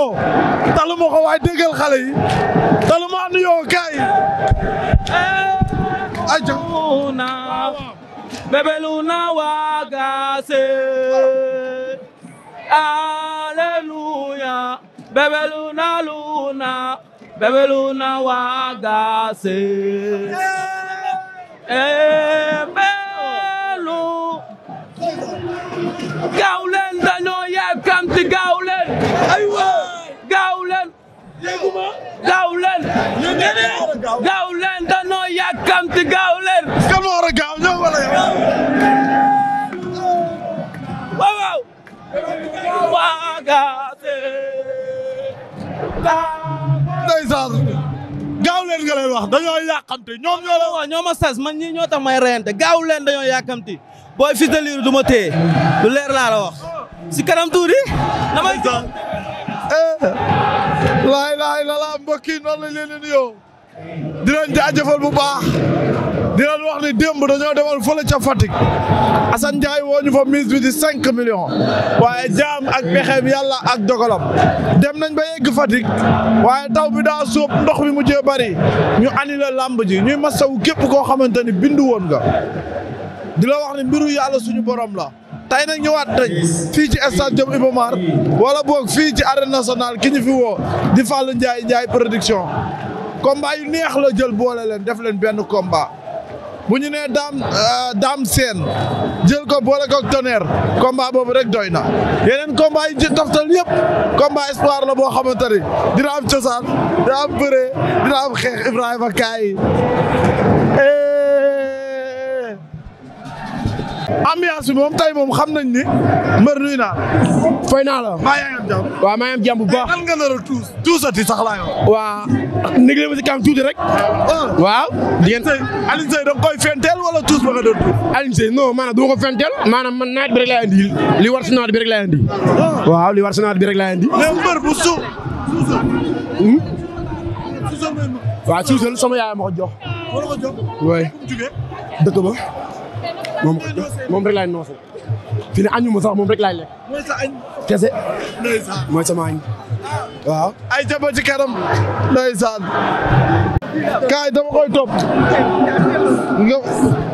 taluma ko waaye déggal xale yi taluma nuyoo aja bébé Luna wa gaase alléluia Luna eh, Luna bébé Luna wa gaase bébé Luna gaaw leen dañoo yàkkamti gaaw leen aywa gaaw leen. gaaw leen danoo yàkkamti gaaw leen. kan war a gaaw ñoom wala yow. waaw waaw. gaaw leen nga wax dañoo yàkkamti ñoom ñoo la wax ñoo ma sas man ñii ñoo tax may gaaw leen dañoo yàkkamti booy Fils de Lirou du ma téye lu leer laa la wax si Eh. laay laay lala mbokk yi noonu lañ leen di nuyoo baax di leen wax ni démb dañoo demoon fële ca Fatick Assane Ndiaye woo ñu fa mise bi di cinq millions waaye jaam ak pexeem yàlla ak dogalam dem nañ ba yegg Fatick waaye taw bi daa sóob ndox mi mu jee bari ñu annulé làmb ji ñuy masawu képp koo xamante ni bindu woon nga di la wax ni mbiru yàlla suñu borom la. tey nag ñëwaat nañ fii ci stade Diop Iba wala boog fii ci arène nationale ki ñu fi woo di fal Ndiaye Ndiaye production combat yu neex la jël boole leen def leen benn combat bu ñu nee daam euh, daam seen jël ko boole ko tonnerre combat boobu rek doy na yeneen combat yi ci toftal yëpp combat espoir la boo xamante ni dina am cosaan dina am bëree dina am xeex Ibrahima Kaay eh. ambiance bi moom tey moom xam nañ ni mbër nuyu naa la. fay naa la. maa ngi am jàmm. waaw maa ngi am jàmm bu baax. lan nga nar a tuus tuusati waa nekk na ma si tuuti rek. waaw. wala tuus ba tuus. Alioune Seye non maanaam du ma ko fenteel. maanaam man nawet bi rek laay andi li war si nawet bi rek laay andi. waaw li war si nawet bi rek laay andi. moom moom rek noose. fi ne añuma sax moom rek laay lekk. mooy sa añ. kese. mooy sama añ. waaw. ay jabo ci kanam. ndeysaan. kaay dama koy topp. nga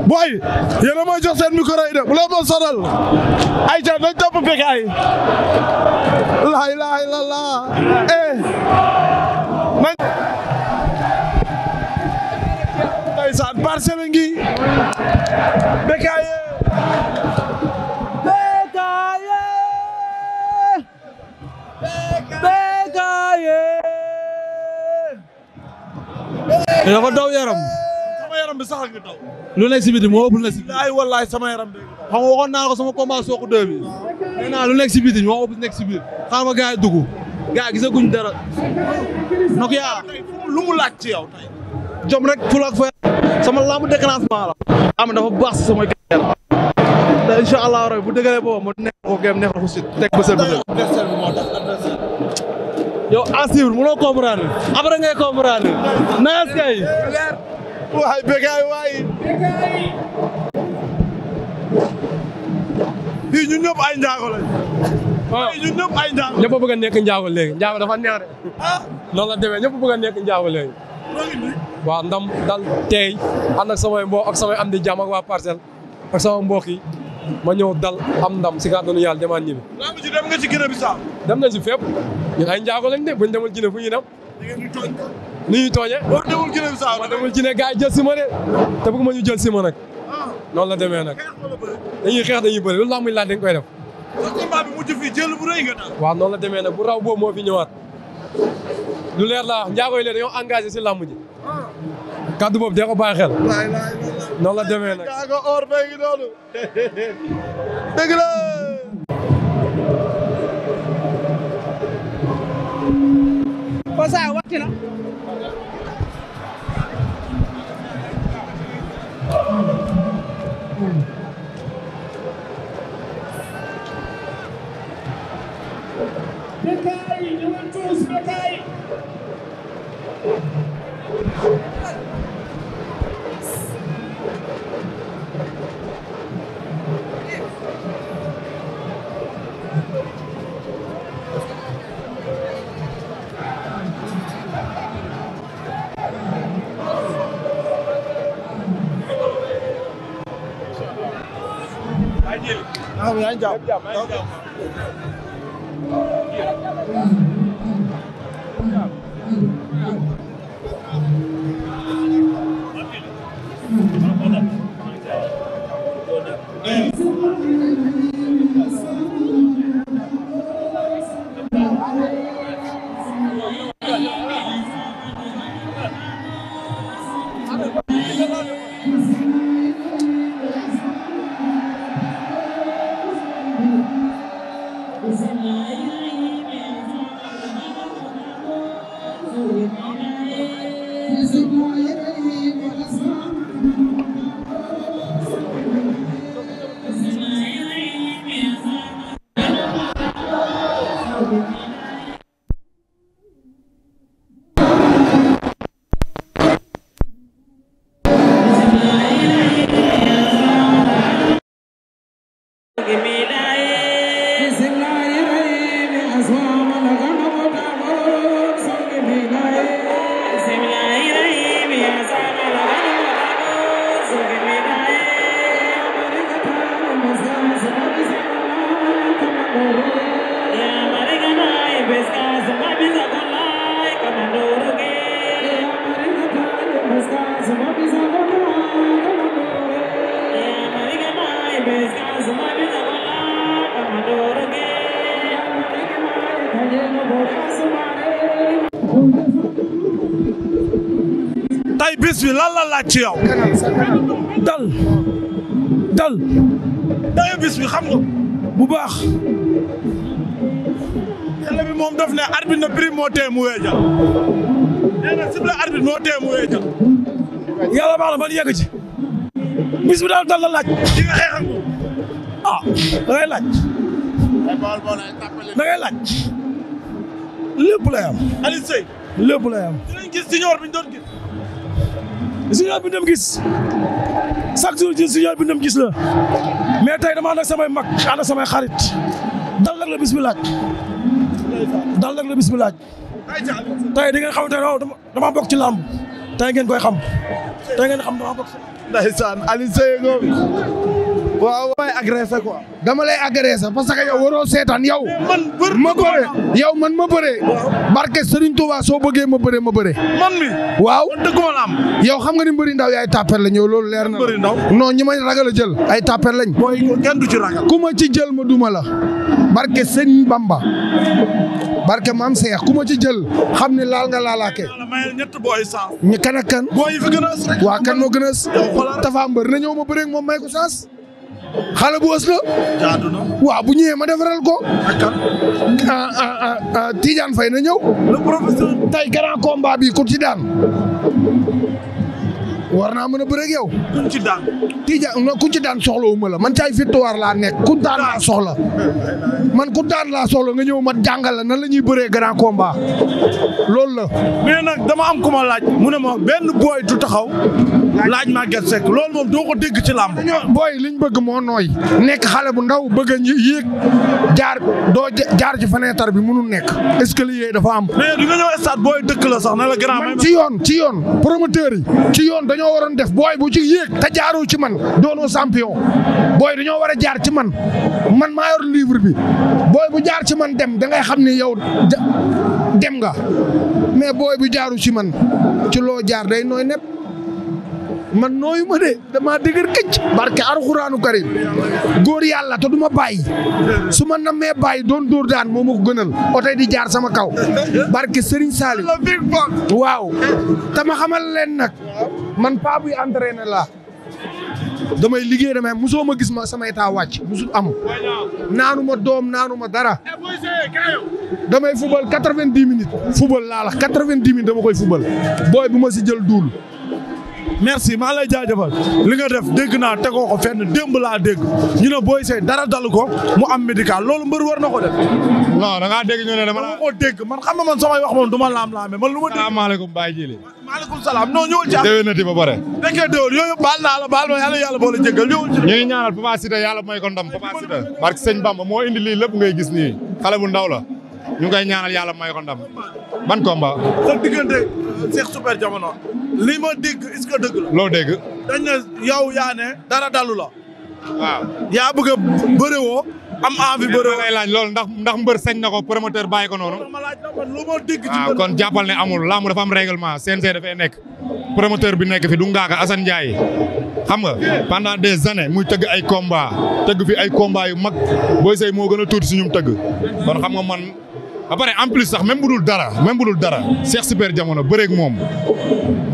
booy. yéen may jox seen micro yi la ma sonal. ay ca nañ topp peke ay. la ilaha illallah eh. parcelle ngi Bécaye Bécaye Bécaye dafa daw yaram sama yaram bi sax nga daw lu nekk lu nekk si biti ay wallaay sama yaram bi xam nga waxoon naa lu nekk si biti moo nekk si biir xam nga gars dara nok yaa ci yow jom rek fula ak fay sama lamb déclenchement la am ah, dafa baax si sama carrière te incha allah rabi bu dëgëree boobu mu neex ko gëm neexal ko si teg ba seen yow asibir mënoo comprendre après ngay comprendre naas kay waay bégaay waay fii ñun ñëpp ay njaago lañ waaw ah. ñun ñëpp ay njaago ñëpp bëgg a nekk njaago léegi njaago dafa neex de ah noonu la demee ñëpp bëgg a nekk njaago waaw ndam dal teey ànd ak samay mboo ak samay am di jàmm waa parcelle ak sama mbokk yi ma ñëw dal am ndam si kàttanu yàlla demaat ñibbi. lamb ji dem nga ci Guinée Bissau. dem nañ si fépp ñun ay njaago lañ de buñ demul Guinée fu ñuy dem. ni ñuy tooñee. boo demul Guinée Bissau ma demul si ma de te bëgg ma ñu jël si ma nag. Ah. noonu la demee nag dañuy xeex dañuy bëri loolu laa muy dañ koy def. combat bi mujj fii jël la demee nag bu raw boo moo fi ñëwaat lu leer la njaago yi léegi dañoo engagé si lamb ji kaddu boobu dee ko bàyyi xel. noonu la demee nag. yaa nga or bee ngi noonu. dëgg la. Kosa wàcc na. Dëgg la. jàmm laaj ci yow dal dal dayo bis bi xam nga bu baax xale moom daf ne arbitre na prime moo tee mu weejal nee la man yegg ci daal dal la laaj di nga ah da ngay laaj da ngay laaj junior bi dem gis chaque jour junior bi dem gis la mais tey damaa ànd samay mag ànd ak samay xarit dal rek la bis bi dal rek la bis bi laaj tey di ngeen xam tey dama bokk ci tey ngeen koy xam tey ngeen xam dama bokk ndeysaan waaw waaye agressé quoi. dama lay agressé parce que yow waroo seetaan yow. man bër ma bëre yow man ma bëre. barke Serigne Touba soo bëggee ma bëre ma bëre. man waaw dëgguma la am. yow nga ni mbëri ndaw yaay tàpper lañ yow loolu leer na. mbëri ndaw non ñi may ragal a jël ay tàpper lañ. mooy kenn du ci ragal. ma ci jël ma duma la. barke Serigne Bamba. barke maam Seex ku ma ci jël xam ne laal nga laalaake. ñu kan ak kan. booy yi fi waa kan moo gën a. Tapha Mbeur na ñëw ma bëre moom may ko saas. xale bu ës la. bu ñëwee ma defaral ko. Ah, ah ah ah Tidiane Faye na ñëw. le professeur. tey grand bi ku daan. war naa mën a bëre ak yow. a ci daan. Tijaan non kuñ ci daan soxla wu ma la man caay victoire laa nekk ku daan laa soxla. man ku daan laa soxla nga ñëw ma jàngal la nan la ñuy bëree grand combat loolu la. mais na dama am ku ma laaj. mu ne ma benn booy du taxaw. laaj ma gerte sekk lool moom doo ko dégg ci làmb. booy liñ bëgg moo nooy. nekk xale bu ndaw bëgg a yéeg jaar doo jaar ci fenêtre bi mënul nekk. est-ce que lii dafa am. mais di nga ñëw stade booy dëkk la sax na la grand. ci yoon ci ci yoon dañoo waroon def booy bu ci yéeg te jaaroo ci man doonoo champion booy dañoo war a jaar ci man man maa yor livre bi booy bu jaar ci man dem da ngay xam ni yow dem nga mais booy bu jaaru ci man ci loo jaar day nooy nepp man nooyu ma de damaa dëgër këcc barke alxuraanu karim góor yàlla te du ma bàyyi su ma nammee bàyyi doon dóor daan moo ma ko gënal oto di jaar sama kaw barke Serigne Salim waaw te ma xamal leen nag man paa buy entraîné laa damay liggéey damay musoo ma gis ma samay état wàcc musul am naanu ma doom naanu ma dara eh, damay fubal quatre-vingt-dix minutes fubal laa la quatre-vingt-dix minutes dama koy fubal booy bu ma si jël duul merci maa lay jaajëfal li nga def dégg naa tegoo ko démb laa dégg ñu ne Boy Seye dara dalu ko mu am médical loolu mbër war na ko def. non da ngaa dégg ñu ne dama la ko dégg man xam nga man samay wax ma du ma laam laame man lu ma. salaamaaleykum Baye Jili. maaleykum salaam non ñëwal ci am. déwénati ba pare. fekkee déwén yooyu baal naa la baal ma yàlla yàlla boole jéggal ñëwal ci. ñu ngi ñaanal Papa Sita may ko ndam Papa Sita. parce que sëñ Bamba moo indi lii ngay gis nii xale bu ndaw la ñu ngi koy ñaanal yàlla may ko ndam. ban combat. sa diggante euh, li ma dégg est-ce loo dégg. dañ ne yow yaa ne. dara dalu la. waaw yaa bëgg a bëriwoo. am envie bëriwoo mais laaj loolu ndax ndax mbër sañ na ko promoteur bàyyi ko noonu. waaw kon jàppal ne amul làmb dafa am règlement CNG dafay nekk. promoteur bi nekk fi du Ngaaka Assane Ndiaye xam nga pendant des années muy tëgg ay combat tëgg fi ay combat yu mag booy sey moo gën a tuuti si ñum tëgg kon xam nga man. ba pare en plus sax même bu dul dara même bu dara Cheikh Super Diamono bëreeg moom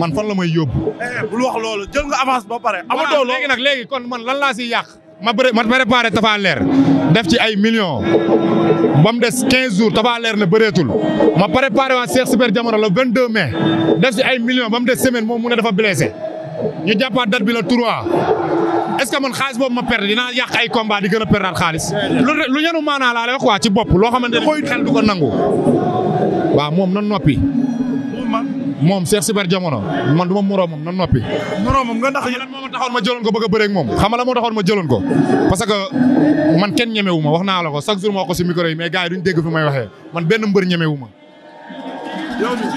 man fan la may yóbbu. Eh, bul wax loolu jël nga avance ba pare. amatoo loolu léegi nag léegi kon man lan laa si yàq. ma bëre ma préparé Tapha Leer def ci ay millions ba mu des 15 jours Tapha Leer ne bëreetul ma préparé waa Cheikh Super Diamono le 22 mai def ci ay millions ba mu des semaine moom mu ne defa blessé ñu jàppaat date bi la 3. est que man xaalis boobu ma perdre dinaa yàq ay combat di gën a perdaat xaalis. lu ñenu maanaa laa lay wax waa ci loo xamante ne xel du ko nangu. waaw moom na noppi. moom Cheikh Super Diamono man du ma moroomam na noppi. moroomam nga ndax yéen moo ma ma jëloon ko bëgg a moom xam nga la moo taxoon ma jëloon ko. parce que man kenn ñemewu ma wax naa la ko chaque jour ma wax si micro yi mais gars yi duñ fi may waxee man benn mbër ñemewu ma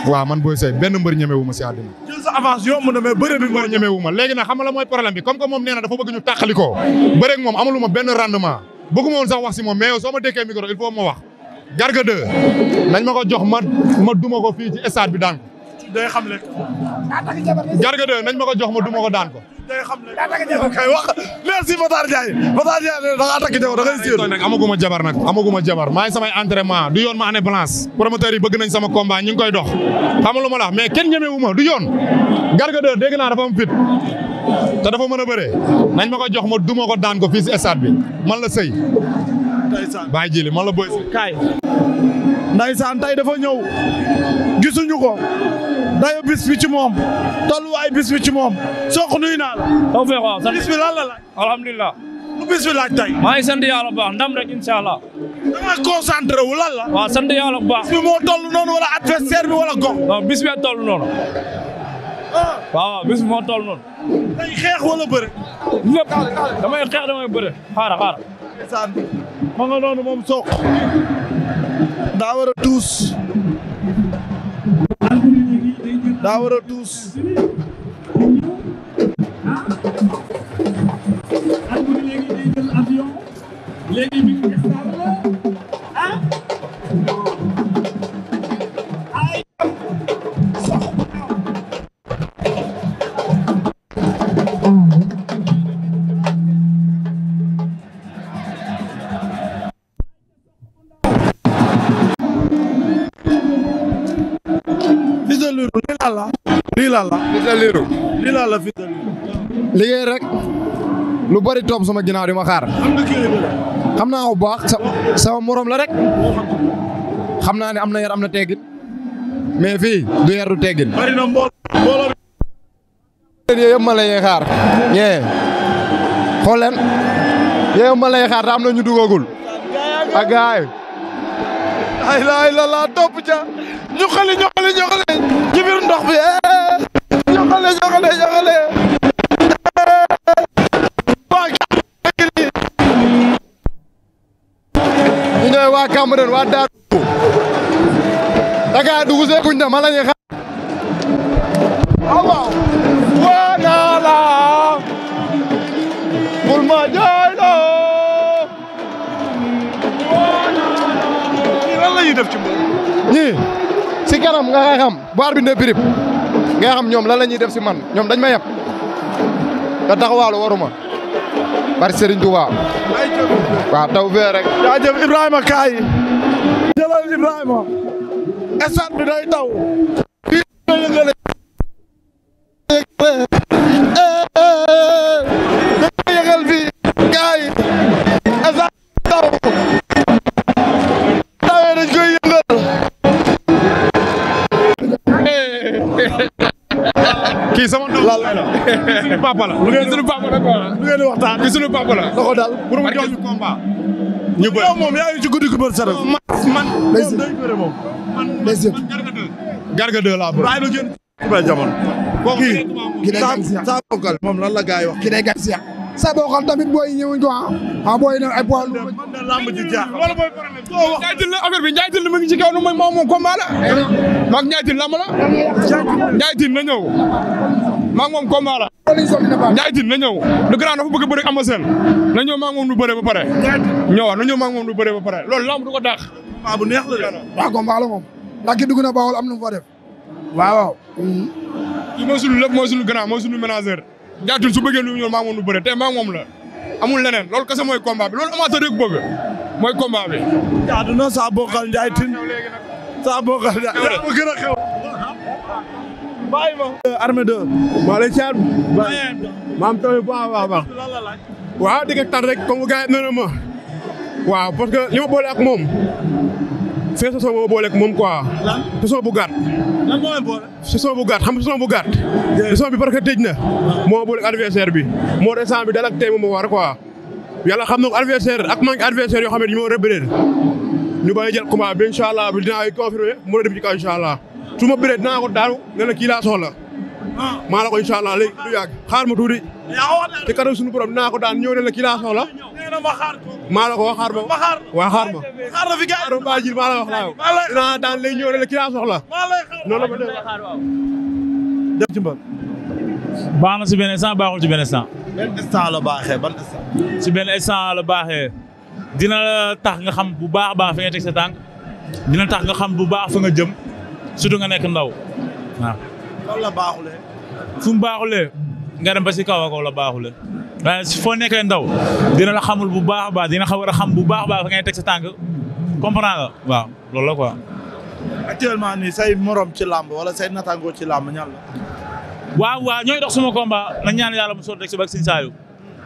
waaw man Boy Seye benn mbër ñemewu ma si àddina. bi sa avance yomb na mais bëre bi mbër ñemewu léegi nag xam nga la mooy problème bi comme que moom nee na dafa bëgg ñu tàqali ko bëre ak moom amalu ma benn rendement bëgguma woon sax wax si moom mais yow soo ma dékkee micro il faut ma wax Garga nañ ma ko jox ma ma duma ko fii ci stade bi daan ko. day xam le Garga 2 nañ ma ko jox ma duma ko daan ko. day xam ne daa takk jabar kay wax merci Matar Ndiaye Matar da ngaa takk jabar da ngay siiw amaguma jabar nag amaguma jabar maa samay entraînement du yoon ma année blanche promoteurs yi bëgg nañ sama combat ñu ngi koy dox xam lu ma la wax ken kenn ñemewu ma du yoon garga de dégg naa dafa am fit te dafa mën a bëre nañ ma ko jox ma duma ko daan ko fii si bi man la sëy bàyyi jili man la boy kaay ndaysaan tey dafa ñëw gisuñu ko dayo bis bi ci moom tolluwaay bis bi ci moom Sokh nuyu naa la. taw feex waaw sant bis bi lan la laaj. alhamdulilah. lu bis bi laaj tey. maa ngi sant yàlla bu baax ndam rek incha allah. da nga concentré wu lan la. waaw sant yàlla bu baax. bis bi moo toll noonu wala adversaire bi wala gox. non bis bi toll noonu. Ah. waaw waaw bis bi moo toll noonu. day xeex wala bëre. lépp damay xeex damay bëre xaara xaara. ndeysaan ma nga noonu moom Sokh. daa war a tuus. daa war a tuus lan la. Fils de Lirou. la Fils rek lu bari topp sama ginnaaw di ma xaar. xam naa ko bu baax sama moroom la rek. xam naa ne am na yar am na teggin mais fii du yar du teggin. bari na mbooloo. yëpp ma lay xaar. yee xool leen yëpp ma lay xaar te am na ñu dugagul. ak gaay ay la ay la topp ca ñu xale ñu xale ñu xale ci biir ndox bi eh. joxale joxale ñu ñooy waa Cambérène waa Darou Dakar dugg see guñ na ma la ñuy xaar waaw waa naa la ma jooy la ñuy def si kanam nga xam boor bi ne birib nga xam ñoom lan la ñuy def si man ñoom dañ ma yab te taxawaalu waruma bari Serigne Touba waaw taw fee rek jaajëf Ibrahima kaay jëlal Ibrahima esat bi day taw kii sama doom la suñu papa la. lu ngeen di waxtaan lu suñu papa la. da ko dal pour mu jox ñu combat. ñu bëri moom yaa ngi ci guddi gu bëri sa man man moom day bëre moom. man man garga deux laa bëri. waaye lu gën. jamono. kii kii day gàncax moom lan la gars yi wax kii day gàncax sa boo xam tamit booy ñëwuñ ko a ah, ah booy yi ay poids ji jaaxal loolu bi. Ndiaye Tine la affaire bi ngi ci kaw nu mu moom moom combat la. maag Ndiaye Tine lamb la. Ndiaye Tine na ñëw maag moom combat la. na ñëw. le grand dafa bëgg a bëri ama na ñëw maag moom lu bëree ba pare. ñëwaat na ñëw maag moom lu bëree ba pare loolu lamb du ko dàq. bu neex la de. waaw combat la ki dugg na Bawol am na mu fa def. waaw. kii mooy sunu lépp mooy sunu grand mooy sunu ménageur jaajul su bëggee lu ñuul maa ngi woon bëre te maa moom la amul leneen loolu kese mooy combat bi loolu amateur rek bëgg mooy combat bi. jaadu na saa bokkal Ndiaye Tine saa bokkal Ndiaye. yaa ma gën a xew. bàyyi ma. armée deux. maa lay caar. maam tamit bu baax a baax. waaw di nga tar rek comme gars yi nee na ma. waaw parce que li ma boole ak moom. fee saison boo booleeg moom ko lan saison bu gàtt. lan bu gàtt xam nga saison bu gàtt. saison bi parce que tëj na. Ah. moo booleeg adversaire bi. moo descente bi dal ak moo war quoi. yàlla xam na adversaire ak manque adversaire yoo xam ne ñu moo rëbbëreel ñu bàyyi jël combat bi incha allah bi dinaa koy confirmé mu dem ci kaw incha allah su ma bëree dinaa ko daanu ne la kii maa la ko incha allah léegi xaar ma tuuti ci kanam suñu borom daan ko daan ñëw ne la kii soxla maa la ko wax xaar ma waaw xaar ma xaar ma la wax laa yow daan léegi ñëw la kii laa soxla noonu la ko ci mbal baax na si benn instant baaxul si benn instant benn instant la baaxee ban si benn instant la dina tax nga xam bu baax baax fi sa tànk dina tax xam bu baax fa nga jëm surtout nga nekk ndaw fu mu baaxulee nga dem ba si kaw a kaw la baaxulee waaye foo nekkee ndaw dina la xamul bu baax a baax dina war a xam bu baax a baax fa ngay teg sa tànk comprendre nga waaw la quoi. actuellement ni say morom ci làmb wala say natango ci làmb ñan la. waaw waaw ñooy dox suma combat na ñaan yàlla mu sotti rek si bak sin saayu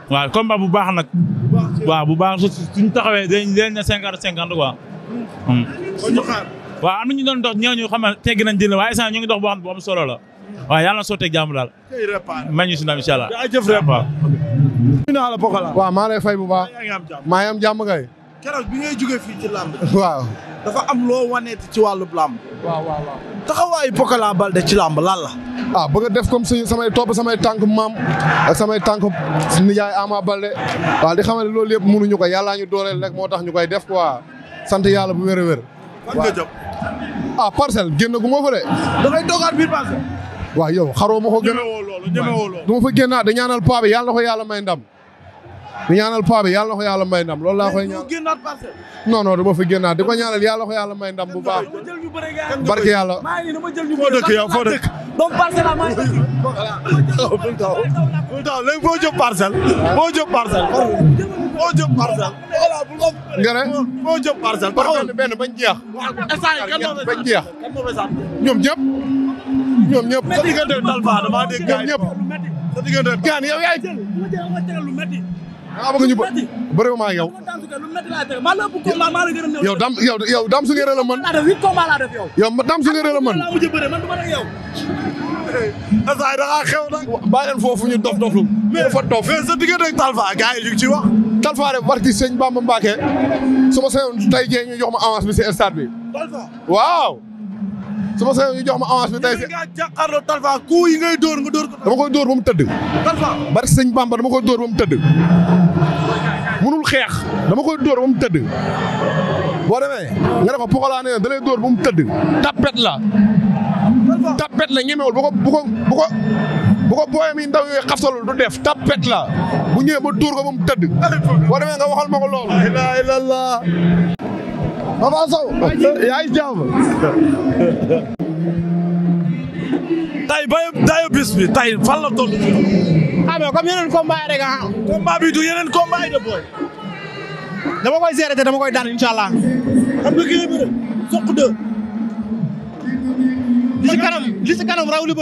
waaw combat bu baax nag. waaw bu baax suñu taxawee dañ leen na cinquante cinquante quoi. Hmm. waaw am na ñu doon dox ñooñu xam ne tegg nañ dina waaye sax ñu ngi dox boo xam ne bu am solo la. waaw yàlla na sotteeg jàmm daal. mañ ñu si ndam incha allah. jaajëf repas. naa la Pokola. waaw maa lay fay maa ngi am jàmm kay. keroog bi ngay jógee fii ci làmb. waaw. dafa am loo waneeti ci wàllu làmb. waaw waaw waaw. taxawaayu Pokola ci làmb lan la. ah bëgg def kom suñu samay topp samay tànk maam ak samay tànk nijaay Ama Baldé waaw di xam ne loolu yëpp ñu ko yàllaa ñu dooleel rek moo tax ñu koy def ko quoi sant yàlla bu wér a wér. waaw ah, gu ma fa de. dafay doogaat biir waaw yow xaroo ma ko gën a du ma fa génnaat da ñaanal paa bi yàlla na ko yàlla may ndam di ñaanal paa bi yàlla na ko yàlla may ndam loolu laa koy ñaan non non du ma fa génnaat di ko ñaanal yàlla na ko yàlla may ndam bu baax barke yàlla foo dëkk yow foo dëkk bul taw léegi foo jëm parcelle foo jëm parcelle foo jëm parcelle voilà bul ko ngere foo jëm parcelle benn benn bañ jeex bañ jeex ñoom ñëpp ñoom ñëpp sa diggante Talfa damaa dégg ñoom ñëpp sa diggante gaan yow yaay maa bëgg ñu bë bëri ma yow. yow dam yow yow dam su ngeen la mën. yow dam su waaw. su ma sañoon jox ma avance bi tey si nga yi ngay dóor nga dóor koy dóor ba mu tëdd Talfa bari sëñ Bamba dama koy dóor ba mu tëdd munul xeex dama koy dóor ba mu tëdd boo demee nga ne ko poxolaa dóor ba mu tëdd tapet la tapet la ñemewul bu ko bu ko bu ko bu ko booyam yi ndaw yooyu xaftalul du def tapet la bu ñëwee ba dóor ko ba mu tëdd boo demee nga waxal ma ko loolu la ilaha Papa Sow yaa ngi tay ba dayo bis bi tay fan la toll. ah mais comme yeneen combat yi rek ah. combat yeneen combat de booy. dama koy gérer te dama koy daan incha allah. xam nga kii bi de soq de. li si kanam raw li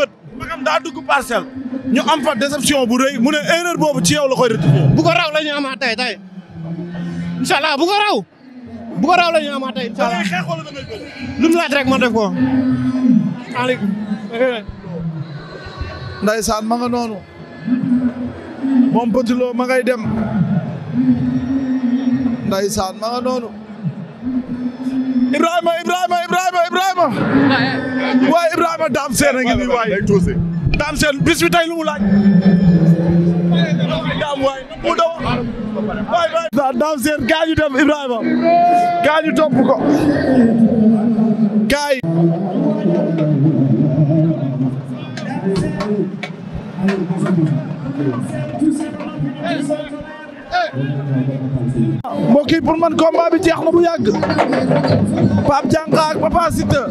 daa dugg parcelle. ñu am fa déception bu rey mu ne erreur boobu ci yow la koy retrouver. bu ko raw la ñu amaat tay tay incha allah raw. bu ko raw la ñu amaat tey incha allah lu mu laaj rek ma def ko. Aliou. Ndeysaan ma nga noonu. moom Petit Lo ma ngay nga noonu. Ibrahima Ibrahima Ibrahima Ibrahima. waaye a ngi nii waay. Dame Sène bis bi tey nga am waay mu daw waay waay Dame Sène gaa ñu dem Ibrahima gaa ñu topp ko gaa yi mbokk yi pour man combat bi jeex na bu yàgg Pape Diakha ak Papa Siteu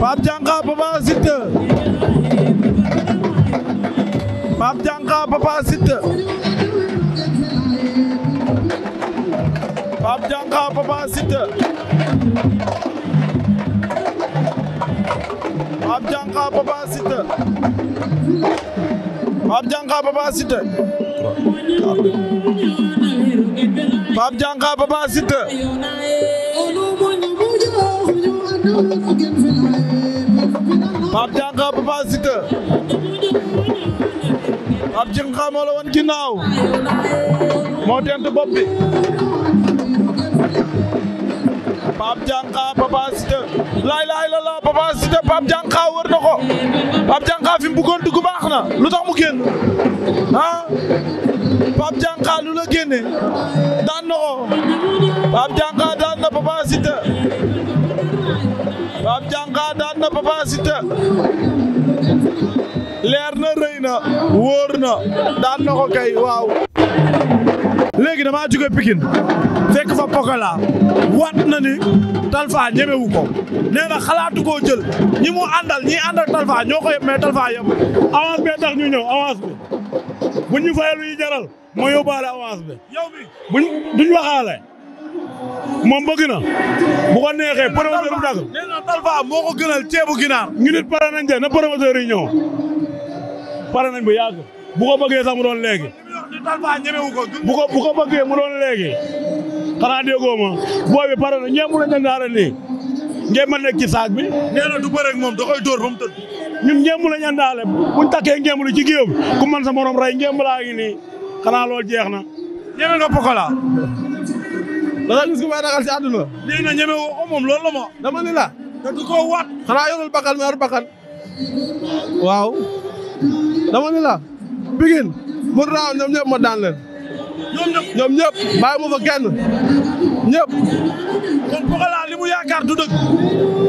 Pape Diakha Papa Siteu Pape Diakha Papa Siteu Pape Diakha Papa Siteu Pape Pape Diakha Papa Siteu Pape Diakha moo la moo tent bopp bi Pape Diakha Papa Siteu laay laay wër na ko Pape fi mu bëggoon baax na lu tax mu génn ah Pape Diakha lu la génne daan na ko Pape daan na Papa Pape Diakha daan na Papa leer na rëy na wóor na daan na ko kay waaw. léegi damaa jóge Pikine fekk fa Pokola wat na ni Talfa ñemewu ko nee na xalaatu jël ñi mu àndal ñi àndal Talfa ñoo ko yëpp mais Talfa yëpp avance bee tax ñu ñëw avance bi bu ñu fayal lu ñu jaral ma yóbbaale avance bi yow bi buñ duñ waxaale. moom bëgg na bu ko neexee promoteur bu dagg nee na Talfa moo ko gënal ceebu ginaar ñu nit pare nañ de na promoteur yi ñëw pare nañ bu yàgg bu ko sax mu doon léegi bu ko bu ko bëggee mu doon léegi xanaa déggoo booy bi pare na ñeem mu lañ andaara nii ngeen ci saag bi nee na du bëre ak moom da koy dóor ba mu tëdd ñun ngemb lañ andaale ci géew ku man sa morom rey ngemb laa ngi nii xanaa loolu jeex na ñeme nga pokola da nga gis ku si àdduna. nee na ñeme woo ko oh, moom la ma. dama ni la. te ko waat. xanaa yorul bakkan ma yor waaw. dama ni la. bigin mu raaw ñoom ñëpp ma daan leen. ñoom ñëpp ñoom ñëpp bàyyi ma fa kenn ñëpp. kon Pokola li mu yaakaar du dëgg.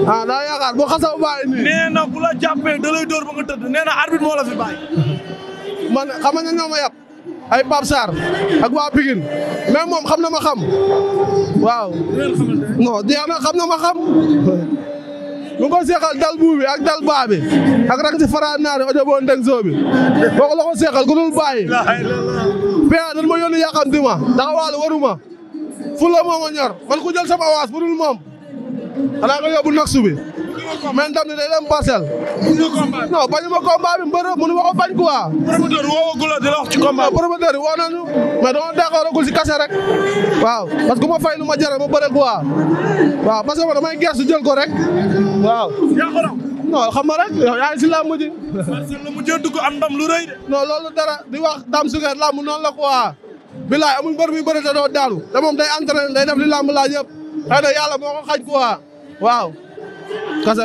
ah daa yaakaar boo xasaw bàyyi nii. nee na bu la jàppee da lay dóor ba nga tëdd nee na arbitre moo la fi bàyyi. man xam nga ñoom yab. ay Pape Sarr ak waa Pikine mais moom xam na ma xam waaw. non jeex na xam na ma xam. mu ko seexal dal buu ak dal baa ak rak ci naari ojo boo ndeg boo ko la ko seexal ku dul bàyyi pa dañ ma yónni yàqamti ma taxawaalu waruma fu moom a ñor man ku jël sama waas bu dul moom xanaa nga yóbbu nag subi mais ndam ni day dem parcelle. non bañu ma combat bi mbër ko bañ quoi. promoteur woowagul la di la wax ci combat bi. promoteur bi woo nañu si kase rek. waaw parce que ma fay lu ma jaral ma bëre quoi waaw parce que damay gëstu jël ko rek waaw. non xam nga rek yow si làmb ji. parcelle la mu jël am lu rëy de. non loolu dara di wax Dame Sugar làmb noonu la quoi. bilaay amul mbër muy bëri te doo daalu te moom day entraîné day def li làmb xëy na yàlla moo ko xaj quoi waaw. kasa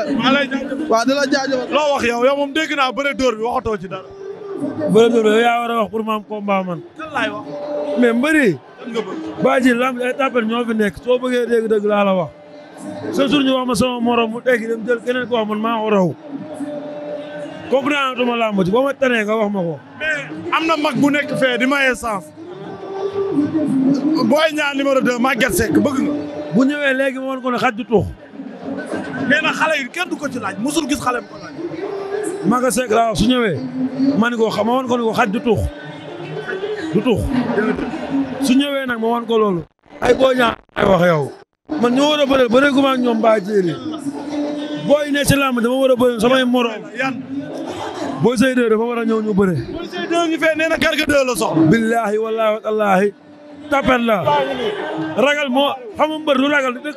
waaw di la jaajëfal. loo wax yow yow moom dégg naa bëre dóor bi waxatoo ci dara. bëre yaa war a wax pour ma am combat man. lan laay lamb ay tapel ñoo fi nekk soo bëggee dégg dëgg laa la wax. sa jour ñu wax ma sama morom mu dégg dem jël keneen ko maa ko raw. comprendre tuma lamb ma tanee nga wax ma am na mag bu nekk ma essence. Boy Niang numéro 2 Maguette Seck bëgg bu ñëwee léegi ma woon ko ne xaj du tuux. nee na xale yi kenn du ko ci laaj mosul gis xale bu ko laaj. Maguette laa su ñëwee ma ne ko ma woon ko ne ko xaj du tuux du tuux. su ñëwee nag ma won ko loolu. ay Boy Niang ay wax yow. man ñoo war a bëreel bëreel gu ma ak ñoom baa jéeri booy ne ci làmb dama war a bëreel samay moroom yan. Boy Seye 2 dafa war a ñëw ñu bëre. Boy Seye 2 ñu fee nee na Garga 2 la soxla. billaahi wallaahi watallaahi tapet la ragal moo xamu mbër du ragal dëkk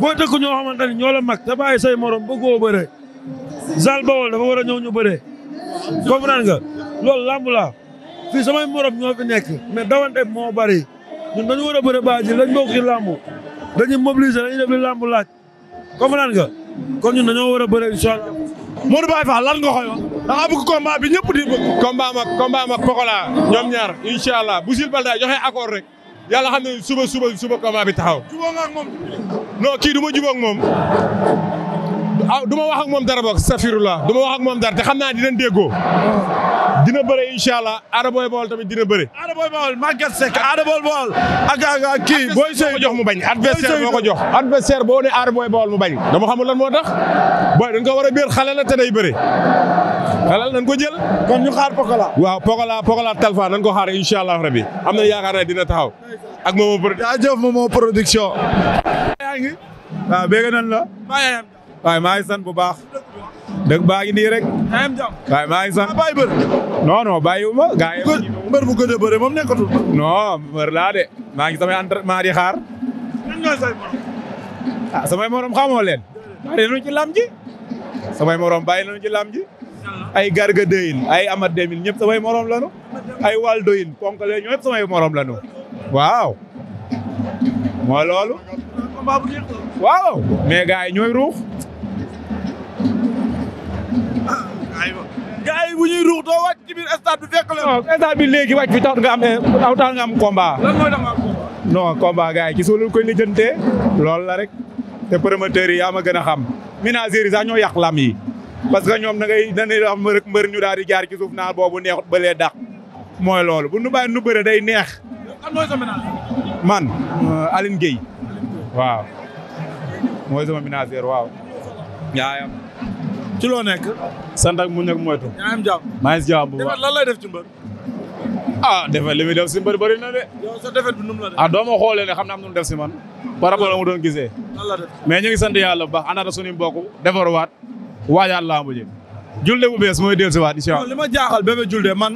boo dëkk ñoo xamante ni ñoo la mag te bàyyi say morom bëggoo bëre. Zal Bawol dafa war a ñëw ñu bëre. comprendre nga loolu làmb la fii samay morom ñoo fi nekk mais dawante moo bari ñun dañu war a bëre baa ji lañ bokk ci làmb dañuy mobiliser dañuy def li làmb laaj comprendre kon ñun dañoo war a bëre incha Modou Baye Fall lan nga koy wax da bi ñëpp di bëgg. combat mag combat mag Pokola ñoom ñaar incha allah bu Jules Baldé joxe accord rek yàlla xam ne suba suba suba combat bi taxaw. jubóo nga ak moom. non kii du ma jubóo aw ah, du ma wax moom dara boog safirullah du ma wax ak moom dara te xam naa dinañ déggoo. dina bëre incha allah Ada Boy Baol tamit dina bëre. Ada Boy Baol Maguette Seck Ada Boy Baol ak Boy Seye jox mu bañ. adversaire boo ko jox adversaire boo ne Ada Boy Baol ma bañ. dama xamul moo tax booy dañ ko war a biir xale la te day bëre xalal nañ ko jël. kon ñu xaar Pokola. waaw Pokola Pokola Talfa nañ ko xaar incha allah rabi am na yaakaar ne dina taxaw. ak Momo production. jaajëf Momo production. yaa waaye maa ngi bu baax. dëgg baa ngi nii rek. waaye maa ngi sant. non non bàyyiwuma. gaa yi mbër bu gën a bëre moom nekkatul. non laa de. maa ngi samay entraînement di xaar. ah samay morom xamoo leen. bàyyi nañu ci lam ji. samay morom bàyyi nañu ci lam ay garga dëyin ay amat demin ñëpp samay morom lanu. ay wal doyin ponk la ñëpp samay morom lanu. waaw. mooy loolu. waaw mais gaa yi ñooy ruux. aywa gars yi bu ñuy ruux doo wàcc ci biir stade bi fekk la. non stade bi fi tax nga am aw tax nga am combat. lan yi gisoo lu koy lijjantee loolu la rek te promoteurs yi ma gën a xam ménagères yi sax ñoo yàq yi parce que ñoom da ngay da rek mbër ñu daal di jaar ci suuf naan boobu neexut ba lee dàq mooy loolu bu nu bàyyi day neex. kan mooy man euh, Aline Gueye waaw mooy sama ménagère waaw. ci loo nekk. sant ak muñ ak moytu. yaa ngi jàmm maa ngi def ci mbër. ah defet li muy def si mbër bëri na de. a sa defet ah, doo ma xoolee ne xam naa am nu def si man. par rapport ak mu doon gisee. mais ñu ngi sant yàlla bu baax àndaat ak suñu mbokk defaruwaat waajaat làmb ji julde bu bees mooy dellusiwaat incha allah. li jaaxal bébé julde man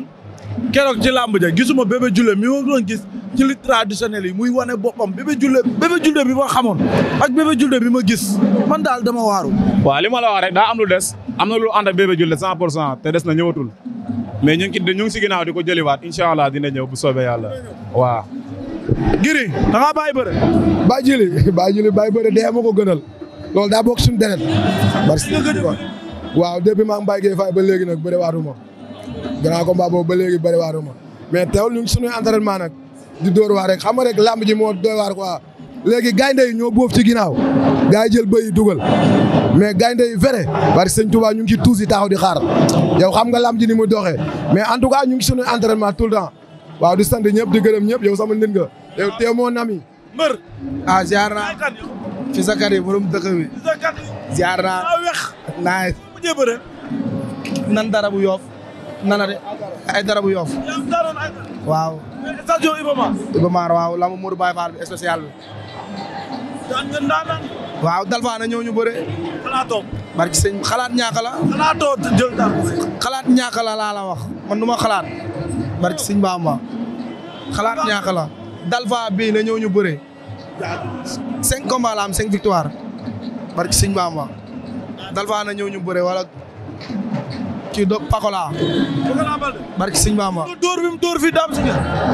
keroog ci làmb ja gisuma bébé julle mi ma doon gis ci li traditionnel yi muy wane boppam bébé julle bébé julle bi ma xamoon ak bébé julle bi ma gis man daal dama waaru. waa li ma la wax daa am lu des am na lu ànd ak bébé julle cent pour te des na ñëwatul mais ñu ngi ñu ngi si ginnaaw di ko jëliwaat incha allah dina ñëw bu soobee yàlla waaw. Giri da ngaa bàyyi bëre. bàyyi jëli bàyyi jëli bàyyi bëre dee ma ko gënal loolu daa bokk suñu deret. merci waaw depuis maa ngi bàyyi Gueye Faye ba léegi nag bëre waatuma grand combat boobu ba léegi bëri waaruma mais teewul ñu ngi suñuy entraînement nag di dóor waar rek xam nga rek làmb ji moo doy waar quoi léegi gaynde yi ñoo boof ci ginnaaw gaa yi jël bëy yi dugal mais gaynde yi fere parce que sëñ Touba ñu ngi ci tuus yi taxaw di xaar yow xam nga làmb ji ni mu doxee mais en tout cas ñu ngi suñuy entraînement tout le temps waaw di sant ñëpp di gërëm ñëpp yow sama nit nga yow teew moo nami mbër ah ziar naa fi sa kër yi borom dëkk bi ziar naa dara bu yoof nana de ay dara bu yoof waaw. station Iba waaw lamu Modou Baye Fall bi bi. daan ngeen daan waaw na ñëw ñu bëre. xalaatoo. barki sëñ xalaat ñaaka la. xalaatoo jël ñaaka la wax man ma xalaat. barki sëñ Bamba. xalaat na ñëw ñu bëre. cinq combats la cinq victoire. barki sëñ Bamba. dalfa na ñëw ñu bëre kii do Pakola. Pakola Balde. barki sëñ Bamba.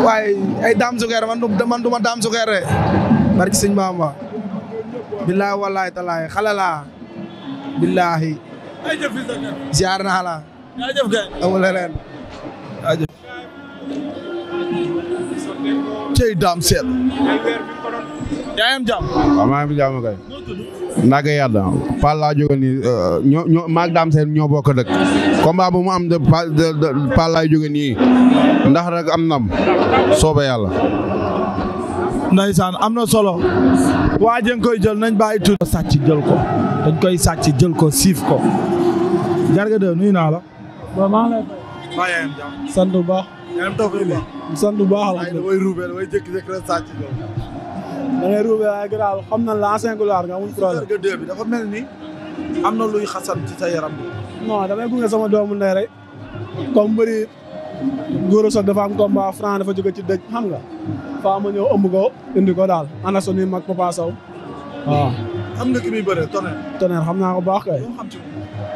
waaye ay Dame Suker man du man du ma Dame Suker de. barki sëñ Bamba. billaay wallaay billaahi. ay jëf fi Zakar. ziar naa la. yaa yaa ngi jàmm. waaw kay. ndaga yàlla Pall laa jóge nii euh, ñoo ñoo maag daam seen ñoo bokk dëkk combat bu am de Pall laa jóge nii ndax am nam soobe yàlla. Ndeysaan am na solo waa jën koy jël nañ bàyyi tuuti. sàcc jël ko dañ koy sàcc jël ko siif ko. jarga de nuyu naa la. waaw maa ngi lay fay. waaw yaa ngi jàmm. sant da ngay ruube waaye garaaw xam na l'ancien gloire nga amul problème. dafa mel ni am na luy xasan ci sa yaram bi. non damay gunge sama doomu ndey rek comme bëri góor sax dafa am combat franc dafa jóge ci dëj xam nga faa ma ñëw ëmb indi ko daal ana suñuy mag Papa Sow xam naa ko baax kay.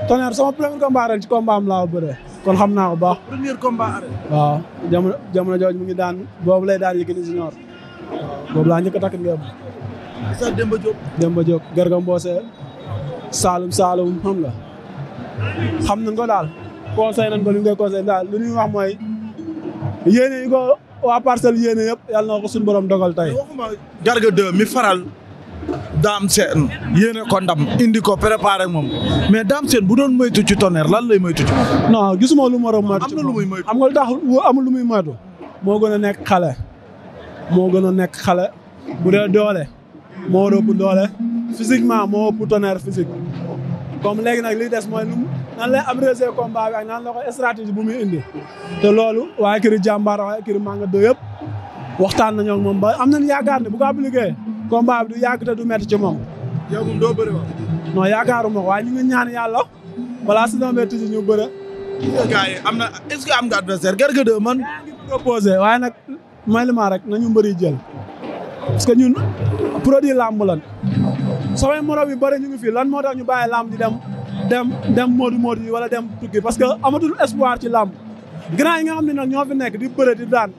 Tonnerre sama premier combat ren ci combat am laa bëree. kon xam naa ko baax. premier combat arène. waaw jamono jamono mu ngi daan boobu lay daan Yékini Junior boobu laa njëkk a takk ngeem. sa Demba Diop. Demba Diop Saalum Saalum xam nga. xam nañ daal conseil nañ ko li ñu koy daal li ñuy wax mooy yéene yi ko waa parcelle yéene yëpp yàlla na ko suñu borom dogal tey. waxuma Garga 2 mi faral Dame Sène yéene ko ndam indi ko préparé moom mais Dame Sène bu doon moytu ci tonnerre lan lay moytu ci moom. non gisuma lu mu war a moytu. am na lu muy moytu moo gën a nekk xale. moo gën a nekk xale bu dee doole moo ëpp doole physiquement moo ëpp tonnerre physique comme léegi nag li des mooy nu nan lay abrégé combat bi ak nan la ko stratégie bu muy indi te loolu waa kiri jàmbaar waa kiri Manga 2 yëpp waxtaan nañoo moom ba am nañu yaakaar ne bu ko appliqué combat du yàgg te du métti ci moom. yow moom doo bëri ñaan yàlla balaa saison bee tijji ñu bëre. gars am na est-ce que am nga adversaire Garga 2 man. yaa ngi proposé may li ma rek nañu mbëri jël parce que ñun produit làmb lan samay morom yu bëri ñu ngi fii lan moo tax ñu bàyyi lamb di dem dem dem moodu moodu yi wala dem tukki parce que amatul espoir ci làmb grand yi nga xam ne nag ñoo fi nekk di bëre di daan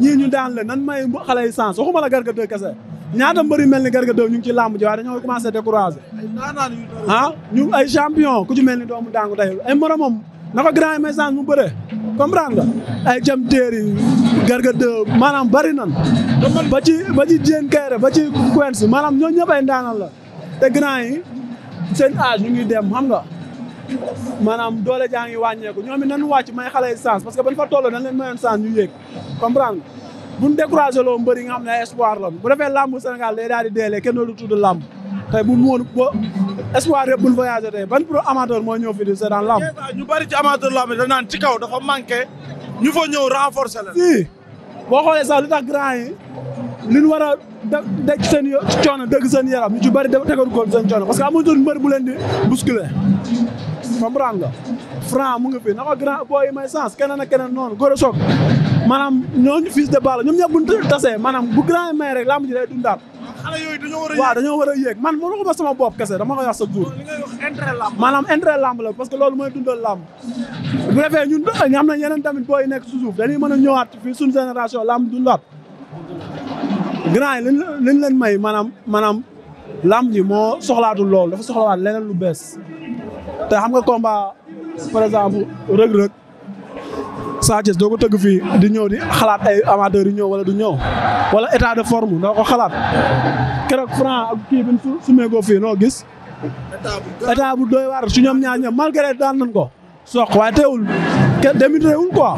ñii ñu daan le nan may xale yi sens waxuma la garga deux kese ñaata mbëri mel ni garga deux ñu ngi ci làmb ji waaye dañoo commencé découragé ah ñu ay champion ku ci mel ni doomu daangu tey ay moromam na ko grand may chance mu bëre comprendre nga ay jam téeri garga de maanaam bari nan ba ci ba ci jéen kayre ba ci kuens maanaam ñoo ñëpp ay ndaanal la te grand yi seen âge ñu ngi dem xam nga maanaam doole jaa ngi wàññeeku ñoom it nañu wàcc may xale yi chance parce que fa toll dañ leen mayoon chance ñu yéeg comprendre nga bu ñu découragé loo mbër yi nga xam ne ay espoir lan bu defee làmb Sénégal day daal di deelee kenn du tudd làmb tey bu mu woon ba espoir yëpp bu ñu voyagé tey ban pro amateur moo ñëw fii ñu bari ci amateur làmb dañ naan ci kaw dafa manqué ñu fa ñëw renforcé la. si boo xoolee sax li tax grand yi li ñu war a dégg seen coono dégg seen yaram ñu ci bari tegoon ko seen coono parce que amuñu doon mbër bu leen di bousculer comprendre nga. franc mu ngi fi na ko grand booy may sens keneen ak keneen noonu góor a soog maanaam ñooñu fils de balle ñoom ñëpp bu ñu tasee maanaam bu grand may rek lamb ji day dundaat xale yooyu dañoo war a waaw dañoo war man mënu ko ba sama bopp kese dama koy wax sa jour maanaam intérêt lamb la parce que loolu mooy dundal lamb bu ñun ñu am na yeneen tamit booy nekk su suuf dañuy mën a ñëwaat fii suñu génération lamb dundaat grand yi liñ may maanaam maanaam lamb ji moo soxlaatul loolu dafa soxlawaat leneen lu bees te xam nga combat par exemple Reug Reug Sa Thiès doo ko tëgg fii di ñëw di xalaat ay amateurs yi ñëw wala du ñëw wala état de forme doo ko xalaat keroog Franc ak kii bi sumee ko fii noo gis état bu doy waar su ñoom ñaar ñoom malgré daan nañ ko soq waaye teewul kenn démuté wul quoi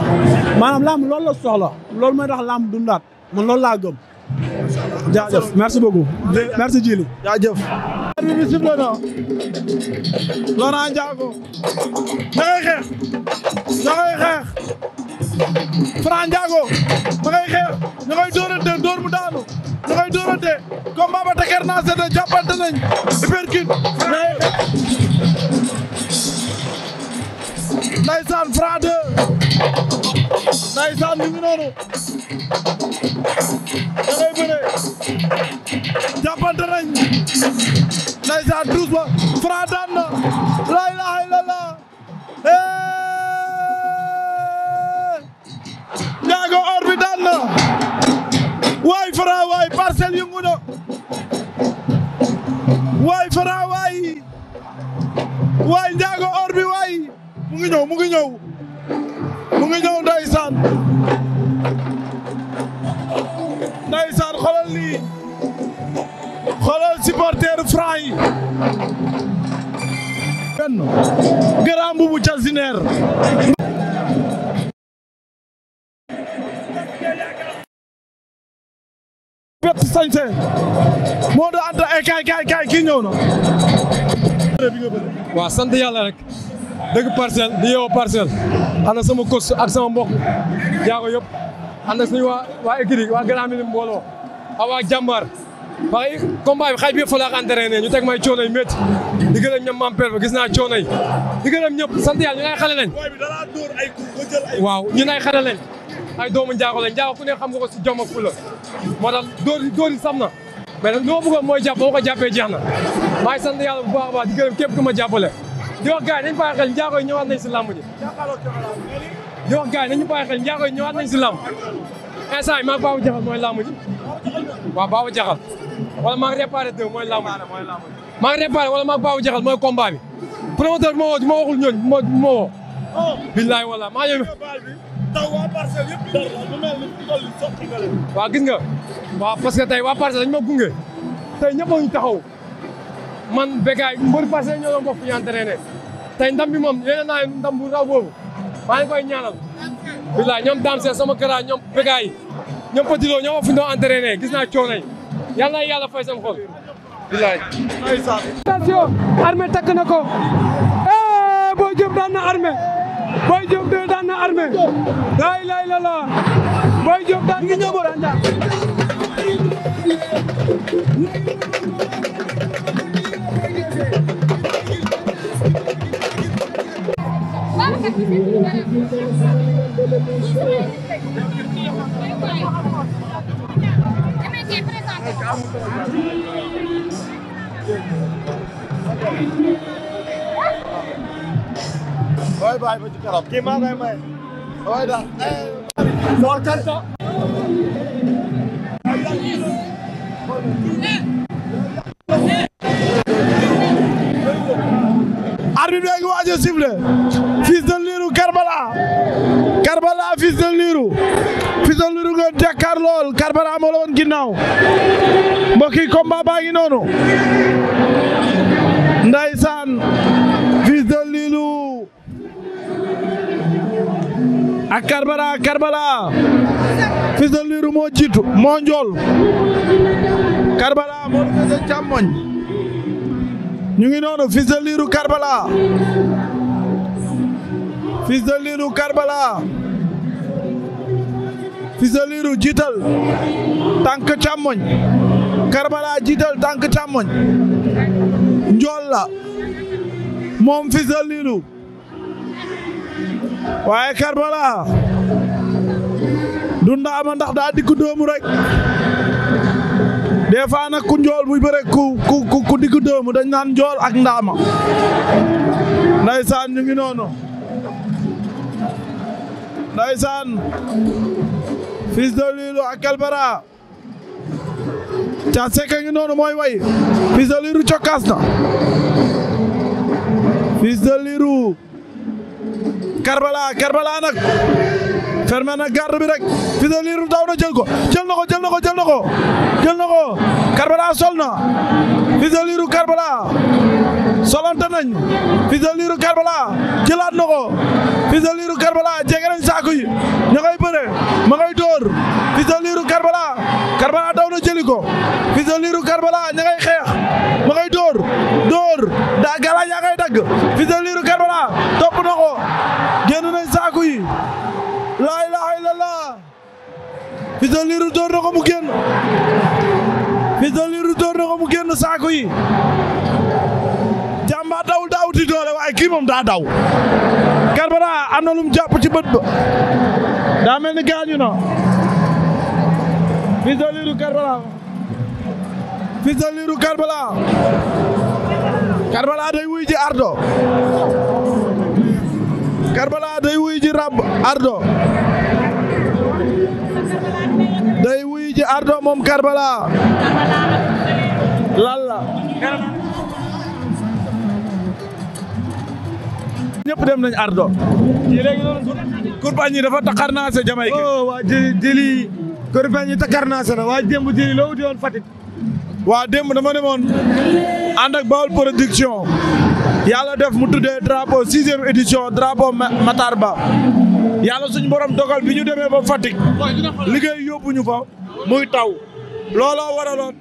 maanaam làmb loolu la soxla loolu mooy tax làmb dundaat man loolu laa gëm jaajëf merci beaucoup. merci Djily jaajëf. benn bi sifflé na Laurent Ndiago da ngay xeex da ngay xeex Franc Ndiago da ngay xeex da ngay dóorante dóor mu daanu da ngay dóorante combat ba teker naa seetlu jàppante nañ hypercute ndaysaan Franc 2 ndaysaan ñu ngi noonu da ngay bëre jàppante nañ ndaysaan douze ba Franc daan na laa ilaaha illallah eh ñaago or bi daan na waay Franc waay parcelle yëngu mu ngi ñëw mu ngi ñëw mu ngi ñëw ndeysaan ndeysaan xoolal lii xoolal supporter Franc yi benn gëraam bu bu calcinaire moo do anta ay eh, kaay kaay kaay kii na waaw sant yàlla rek dëgg parcelle di yeewoo parcelle ànd sama coach ak sama mbok jaago yëpp ànd ak suñu waa waa écurie waa Grand mbooloo ak waa jàmbaar waaye combat bi xaj bi yëpp fa laa ñu teg may coono yu métti di gërëm ñoom maam père ba gis naa coono yi di gërëm ñëpp sant yàlla ñu ay xale lañ waaw ñun ay xale lañ ay doomu njaago lañ njaago ku ne xam nga ko si jom ak fula moo tax dóor yi sam na mais nag li mooy jàpp boo ko jàppee jeex na maa ngi yàlla bu baax a ku ma jàppale di wax gars yi nañu bàyyi xel njaakoy ñëwaat nañ si làmb ji di wax gars yi nañu bàyyi xel njaakoy ñëwaat nañ si làmb instant yi maa ngi Babou Diakhal mooy làmb ji waaw Babou Diakhal wala maa ngi réparé deux ji maa ngi réparé wala maa ngi Babou Diakhal mooy combat ma woo gis nga waaw parce que tey waa parcelle dañu ma gunge tey ñëpp a man Bécaye mbër parce que ñoo doon bokk ñu entraîné tey ndam bi moom yéene naa ndam bu raw boobu maa ngi koy ñaanal. bilaay ñoom Dame Sène sama kara ñoom Bécaye ñoom Petit Lo ñoo ma fi ñu doon entraîné gis naa coono yi yàlla na yàlla fay seen xol bilaay. attention armée takk na ko eh, Boy Diop daan na armée Boy Diop de daan na armée laa ilaaha illallaah Boy Diop daan na ñëw Vai, vai, vou te calar. Quem manda é mãe. Vai dar. Só canta. Vai dar. arbitre bi ngi waaj a sifflé Fils de Lirou Karbala Karbala Fils nga jàkkaar lool Karbala moo la woon ginnaaw mbokk yi combat baa ngi noonu ndaysaan Fils de Lirou ak Karbala moo jiitu moo njool Karbala moo sa ñu ngi noonu fils de Lirou Karbala fils de Lirou Karbala fils de Lirou càmmoñ Karbala jiital tànk càmmoñ njool la moom fils de Lirou waaye Karbala dunda ama ndax daa dikku doomu rek des fois nag ku njool muy bëre ku ku ku diggu doomu naan njool ak ndaama ndaysaan ñu ngi noonu ndaysaan fils de ak Kalbara ca ngi noonu mooy way fils de Lirou cokkaas fermé na garde bi rek Fils de Lirou daw na jël ko jël na ko jël na ko jël na ko jël na ko Karbala sol na Fils de Lirou Karbala solante nañ Fils de Lirou Karbala jëlaat na ko Fils de Lirou Karbala jege nañ saako yi ña ngay bëre ma ngay dóor Fils de Lirou Karbala Karbala daw na jëli ko Fils de Lirou Karbala ña ngay xeex ma ngay dóor dóor daa gala yaa ngay dagg Fils de Lirou Karbala topp na ko génn nañ saako yi laa ilaha illallah Fils de Lirou door na ko mu génn Fils de Lirou door mu génn saako yi jàmba dawul daa wuti doole waaye kii moom daa daw Karbala am na lu jàpp ci bët ba daa mel ni gaañu na Fils de Lirou Karbala Fils de day wuy ji ardo Karbala day wuy ji rab Ardo day wuy ji Ardo moom Karbala lan la ñëpp dem nañ Ardo kurbañ dafa takkar naa se jamay ke oh waa jëli jëli kurbañ yi takkar na waa démb jëli loo wuti woon waa démb dama demoon ànd ak Baol production yàlla def mu tuddee drapeau sixième édition drapeau Matar Ba yàlla suñ borom dogal bi ñu demee ba Fatick liggéey yóbbuñu fa muy taw looloo waraloon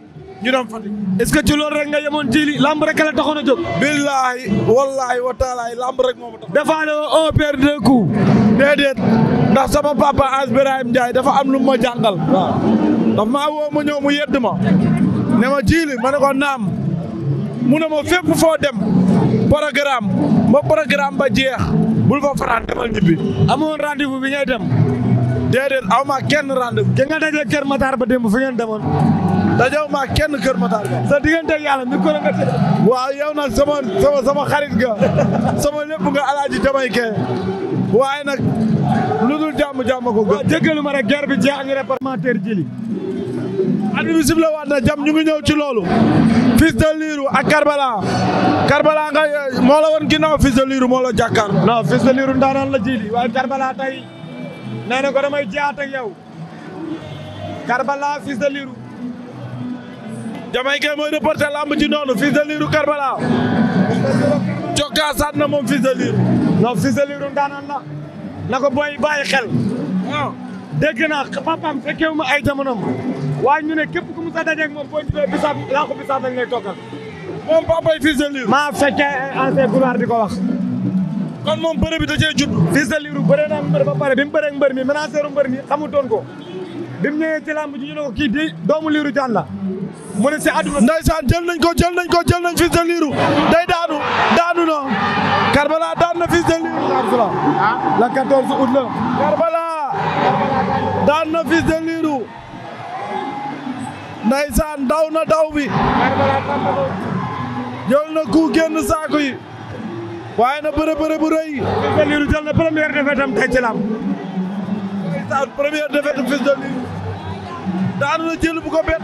ñu dem Fatick. est-ce que ci loolu rek nga yemoon ci li lamb rek la taxoon a jóg. billaahi wallaahi wa taalaay lamb rek moo ma tax. dafa ne un paire de coups. déedéet ndax sama papa As Birahim Ndiaye dafa am lu ma jàngal. waaw maa woo ma ñëw mu yedd ma. ne ma jiili ma ne ko naam mu ne ma fépp foo dem. programme ma programme ba jeex bul fa fanaan demal ñibbi. amoon rendez-vous bi ngay dem. déedéet aw ma kenn rendez-vous. da nga daje Kër Matar ba démb fi ngeen demoon. dajew ma kenn Kër Matar ba. sa diggante yàlla mi ko nga te. waaw yow nag sama sama sama xarit nga sama lépp nga alaaji damay kee waaye nag lu dul jàmm jàmm ko gën. jéggalu ma rek guerre bi jeex ñu répartiteur arbitre bi jam ñu ci loolu Fils de a ak Karbala Karbala nga moo la woon ginnaaw Fils de Lirou moo la jàkkaar la jili waaye Karbala tey nee na ko damay jaat ak yow Karbala Fils de Lirou mooy reporter lamb ci noonu Fils de Lirou Karbala jokkaasaat na moom Fils de Lirou non Fils la na ko booy bàyyi xel ah. dégg naa papaam fekkewu ma ay jamonoom waaye ñu ne képp ku mu sa dajeeg moom boo jubee bisaab laa ko bisaab lañ lay toggal. moom papay Fils de maa fekkee ay ancien gloire ko wax. kon moom bëre bi da cee judd. Fils de Lirou bëree naa mbër ba pare bi mu bëree ak mbër mi menaceeru mbër mi xamutoon ko. bi mu ñëwee ci làmb ji ne ko kii di doomu Lirou Diane la. mu ne si àdduna. ndeysaan jël nañ ko jël nañ ko jël day na. Karbala daan na daan na Fils de Lirou ndaysaan na daw bi jël na ku génn saako yi waaye na bëre bëre bu rëy de Lirou na première défaite am tey na jël ko bet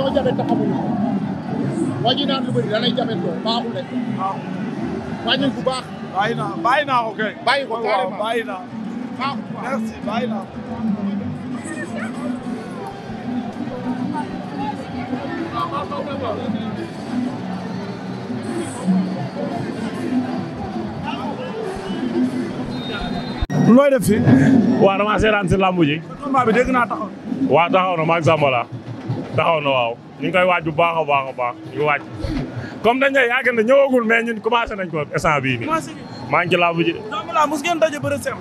dafa jabet te xamuñu waa ji naan lu bëri danay jabet loo baaxul rek. waaw wàññil bu baax. bàyyi naa bàyyi naa ko kay. bàyyi ko carrément waaw bàyyi naa. baaxul waaw merci bàyyi naa ko. looy def fii. waaw damaa seetaan si lambu ji. combat bi dégg naa taxaw. waaw taxaw na maag Zambala. taxaw na waaw ñu ngi koy waaj bu baax a baax a baax ñu waaj comme dañ ne yàgg na ñëwagul mais ñun commencé nañ ko instant bii nii. maa ngi ci laabu ji. doomu laa mos ngeen daje bëri seen.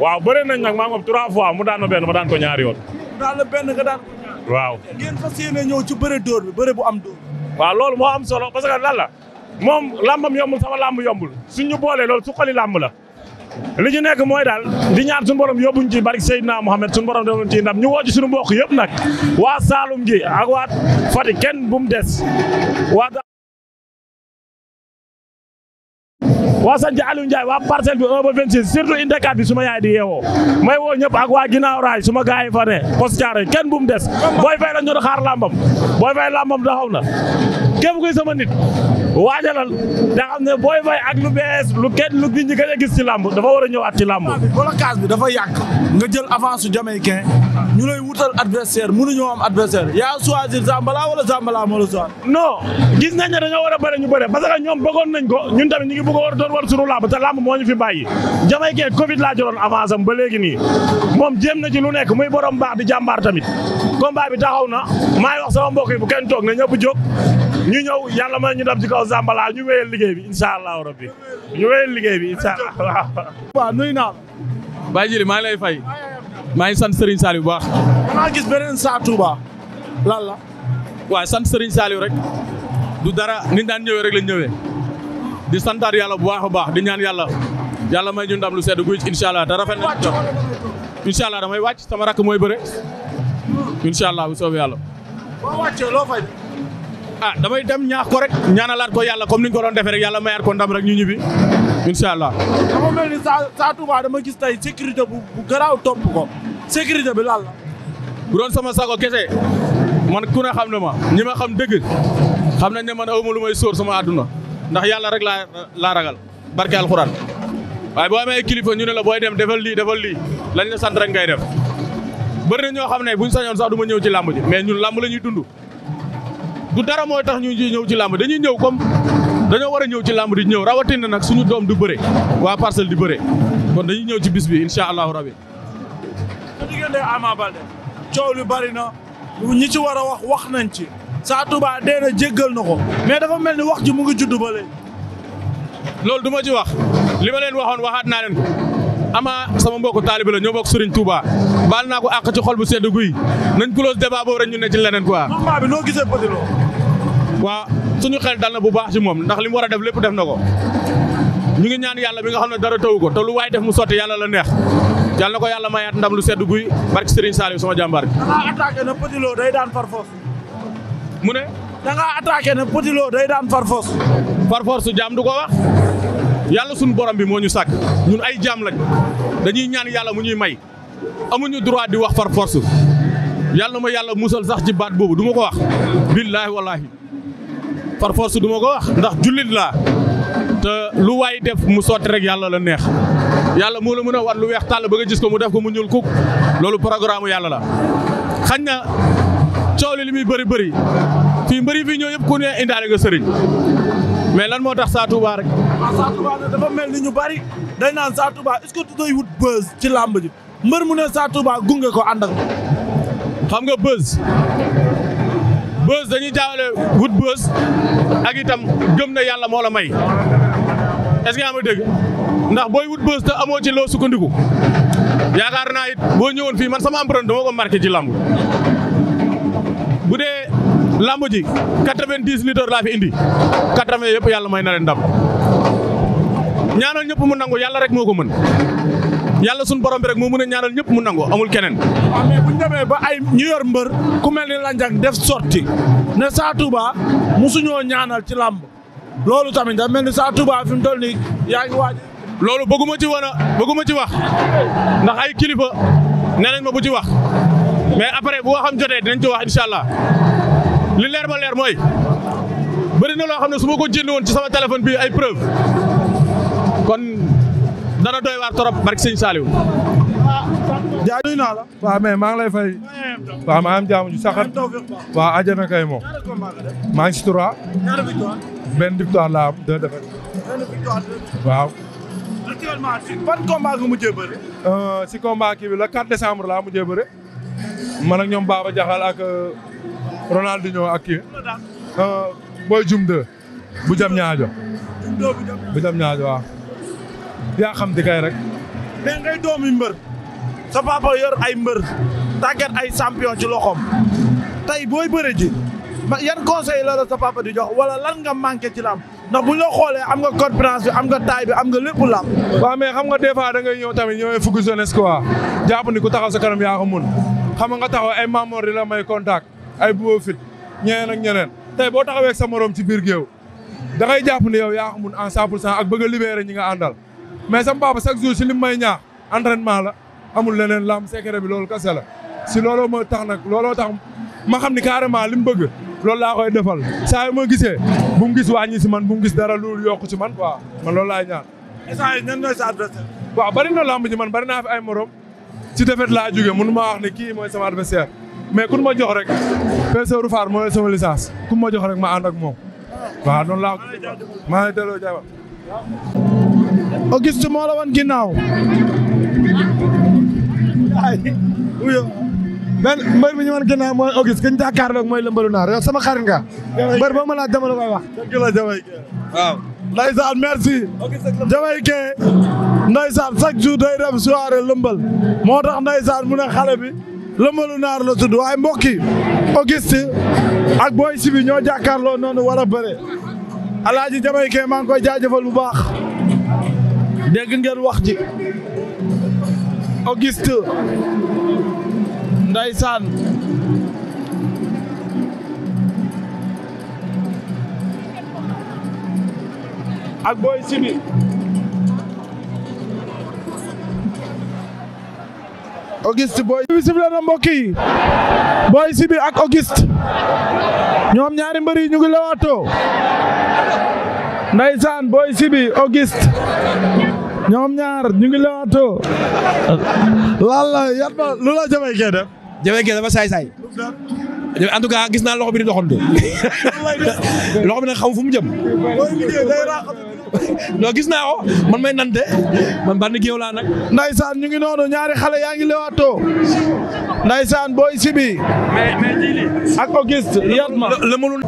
waaw bëri nañ nag maa ngi trois fois mu daan ma benn ma daan ko ñaari yoon. daan la benn nga daan waaw ngeen fas yéene ñëw ci bëre dóor bi bëre bu am dóor. waaw loolu moo am solo parce que lan la moom làmbam yombul sama làmb yombul suñ ñu boolee loolu suqali làmb la. li ñu nekk mooy daal di ñaan suñu borom yóbbuñ ci barke Seydina Mohamed suñu borom defuñ ndam ñu woo ci suñu mbokk yëpp waa Saalum gi ak waa Fatick kenn bu mu des waa waa sant Aliou Ndiaye waa parcelle bi 1 ba 26 surtout indi kat bi su ma yaay di yeewoo may woo ñëpp ak waa ginnaaw raay su ma gars yi kenn bu mu des booy fay la ñu xaar làmbam booy fay làmbam taxaw na képp kuy sama nit waajalal da xam ne Boy Faye ak lu bees lu kenn lu nit ñi gën a gis ci làmb dafa war a ñëwaat ci làmb wala kaas bi dafa yàq nga jël avance su jamaïcain ñu lay wutal adversaire mënuñoo am adversaire yaa choisir Zambala wala Zambala moo la choisir non gis nañ ne dañoo war a ñu bëre parce ñoom bëggoon nañ ko ñun tamit ñu ngi bëgg war doon war sunu làmb te làmb moo ñu fi bàyyi jamaïcain covid laa joroon avance am ba léegi nii moom jéem na ci lu nekk muy borom baax di jàmbaar tamit combat bi taxaw na maay wax sama mbokk yi bu kenn toog ne ñëpp jóg ñu ñëw yàlla may ñu dab ci kaw Zambala ñu wéyal liggéey bi incha allahu rabbi ñu wéyal liggéey bi incha allah waaw. waaw nuyu naa la. Baye Jili maa ngi fay. maa ngi sant Serigne Saliou bu baax. maa gis beneen saa Touba. lal la. waaw sant Serigne Saliou rek. du dara ni daan ñëwee rek lañ ñëwee. di santar yàlla bu baax a baax di ñaan yàlla. yàlla may ñu dam lu sedd guy incha allah te rafet na jox incha allah damay wàcc sama rakk mooy bëre. incha allah bu soobee ah damay dem ñaax ko rek ñaana laat ko yàlla comme ni ñu ko doon defee rek yàlla mayaat ko ndam rek ñu ñibbi incha allah. dama mel ni saa saa Touba gis tey sécurité bu bu garaaw topp ko sécurité bi laal la. sama sago kese man ku ne xam ne ma ñi ma xam dëgg xam nañ ne man awma lu may sóor sama àdduna ndax yàlla rek laa laa ragal barke alxuraan waaye boo amee kilifa ñu ne la booy dem defal lii defal lii lañ la sant rek ngay def bëri na ñoo xam ne buñ sañoon sax du ma ñëw ci làmb ji mais ñun làmb la ñuy dund. du dara moo tax ñu ji ñëw ci làmb dañuy ñëw kom dañoo war a ñëw ci làmb di ñëw rawatina nag suñu doom du bëre waa parcelle di bëre kon dañuy ñëw ci bis bi incha allahu rabi. su diggante Ama Baldé coow lu bari na ñi ci war a wax wax nañ ci. Sa Touba dee na jéggal na ko mais dafa mel ni wax ji mu ngi judd ba léegi. loolu du ma wax li ma leen waxoon waxaat naa leen ko Ama sama mbokku taalibe la ñoo bokk Serigne Touba. baal naa ko àq ci xol bu sedd guy nañ close débat boobu rek ñu ne ci leneen quoi. combat bi noo gisee Petit Lo. su ñu xel dal na bu baax ci moom ndax li war a def lépp def na ko ñu ngi ñaan yàlla bi nga xam ne dara tawu ko te lu waay def mu sotti yàlla la neex yàlla na ko yàlla mayaat ndam lu sedd guy barki Serigne Saliou sama jàmbaar bi. dangaa attaqué na Petit Lo day daan far force. mu ne. dangaa attaqué na Petit day daan far force. su jaam du ko wax. yàlla suñu borom bi moo ñu sàkk ñun ay jaam lañ dañuy ñaan yàlla mu ñuy may. amuñu droit di wax par force yàlla na ma yàlla musal sax ci baat boobu duma ko wax billaahi wallaahi par force du ko wax ndax jullit la te lu waay def mu sotti rek yàlla la neex yàlla moo la mën a war lu weex tàll ba nga gis ko mu def ko mu ñuul kuk loolu programme yàlla la xañ na coow li li muy bëri bëri fii mbëri fii ñoo yëpp ku ne indaale nga sëriñ mais lan moo tax Sa Touba rek dafa mel ni ñu bari dañ naan Sa Touba est-ce que wut buzz ci làmb mbër mu ne Sa Touba gunge ko ànd ak xam nga bës bës dañuy jaawale wut bës ak itam gëm na yàlla moo la may est-ce que ma dégg ndax booy wut bës te amoo ci loo sukkandiku yaakaar naa it boo ñëwoon fii man sama empreinte dama ko marqué ci bu dee lamb ji quatre-vingt-dix litres laa fi indi quatre-vingts yëpp yàlla may na leen ndam ñaanal ñëpp mu nangu yàlla rek moo ko mën yàlla suñu borom bi rek moo mën a ñaanal ñëpp mu nangu amul keneen. waaw mais bu ba ay ñu mbër ku mel ni Landiang def sorti ne Sa Touba musuñoo ñaanal ci làmb loolu tamit da mel ni Sa Touba fi mu toll nii yaa ngi waaj. loolu bëgguma ci wana bëgguma ci wax ndax ay kilifa ne nañ ma bu ci wax mais après bu waxam jotee dinañ ci wax incha allah li leer ma leer mooy bëri na loo xam ne su ma ko jënd ci sama téléphone bi ay preuve kon. dana doy waar trop barke sëñ Saliou. jaajëf naa la. waaw mais maa lay fay. waaw maa ngi am jaamu ju saxat. waaw ajana kay moom. maa si trois. benn victoire laa am deux waaw. Euh, si combat la 4 décembre laa mujjee bëre. man ak ñoom Baba Jaxal ak euh, Ronaldinho ak kii. booy Jum 2. bu ñaajo. bu ñaajo waaw. yaa xam di kay rek. mais ngay doomi mbër sa papa yor ay mbër tàggat ay champion ci loxoom tey booy bëre ji ma yan conseil la la di jox wala lan nga manqué ci lamb na bu xoolee am nga conférence bi am nga taay bi am nga lépp lamb. waaw mais xam nga des fois da ngay ñëw tamit ñëwee fukki jeunesse quoi jàpp ni ku taxaw sa kanam yaa ko mun xam nga taxaw ay membre di la may contact ay bu fit ñeneen ak ñeneen boo taxawee ak sa morom ci biir géew da ngay jàpp ni yow yaa ko en 100 pour cent ak bëgg ñi nga àndal. mais sama papa chaque jour si li may ñaax entraînement la amul leneen lam secret bi loolu kese la si looloo ma tax nag looloo tax ma xam ni carrément li mu bëgg loolu laa koy defal saa ma gisee bu mu gis wàññi si man bu mu gis dara loolu yokku si man waaw lool loolu laay ñaan. échange nan nooy sa adversaire. waaw bari na lamb man bari naa ay morom ci defet laa jógee mënu maa wax ne kii mooy sama adversaire mais ku ma jox rek professeur Rufar mooy sama licence ku ma jox rek ma ànd moom waaw noonu la ko. maa Auguste moo la woon ginnaaw. ay mi ñu woon ginnaaw mooy Auguste ki ñu jàkkaarloog mooy lëmbalu naar yow sama xarit nga. mbër boo ma laaj dama la koy wax. dëgg la Jamaïque waaw. ndeysaan merci. Jamaïque ndeysaan chaque jour day dem soirée lëmbal mu ne xale bi lëmbalu naar la tudd waaye mbokk yi Auguste ak Boy Sibi ñoo jàkkaarloo noonu war a alaaji jamay kee maa ngi koy jaajëfal bu baax dégg ngeen wax ji Auguste ndaysaan ak booy sibi Auguste booy bi sifle na mbokk yi booy si ak Auguste ñoom ñaari mbër yi ñu ngi lewaatoo ndaysaan booy si bi Auguste ñoom ñaar ñu ngi lewaatoo lalla yat ma lu la jamay kee def jamay kee dafa saay saay en tout cas gis naa loxo bi di doxantu loxo bi nag xamu fu mu jëm. non gis naa ko man may nante man bànn géew laa nag. ndaysaan ñu ngi noonu ñaari xale yaa ngi lewaatoo ndaysaan booy sibi. mais mais ak Auguste yat ma lëmalul.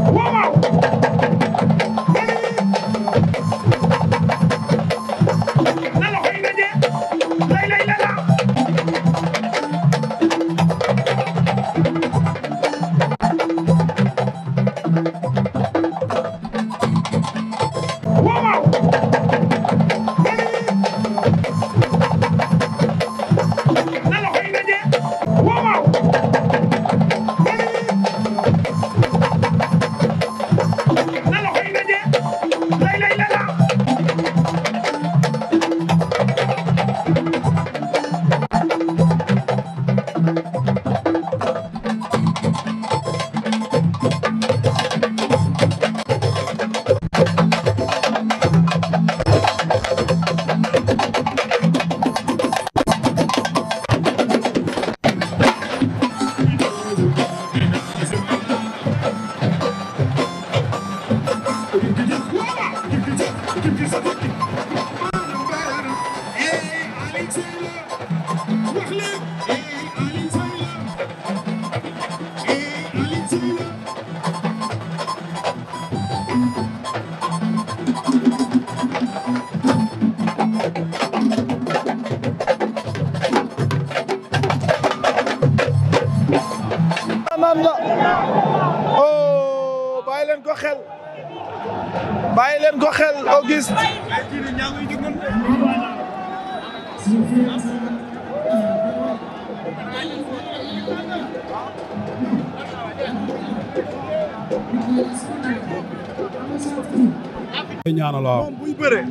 moom buy bëree.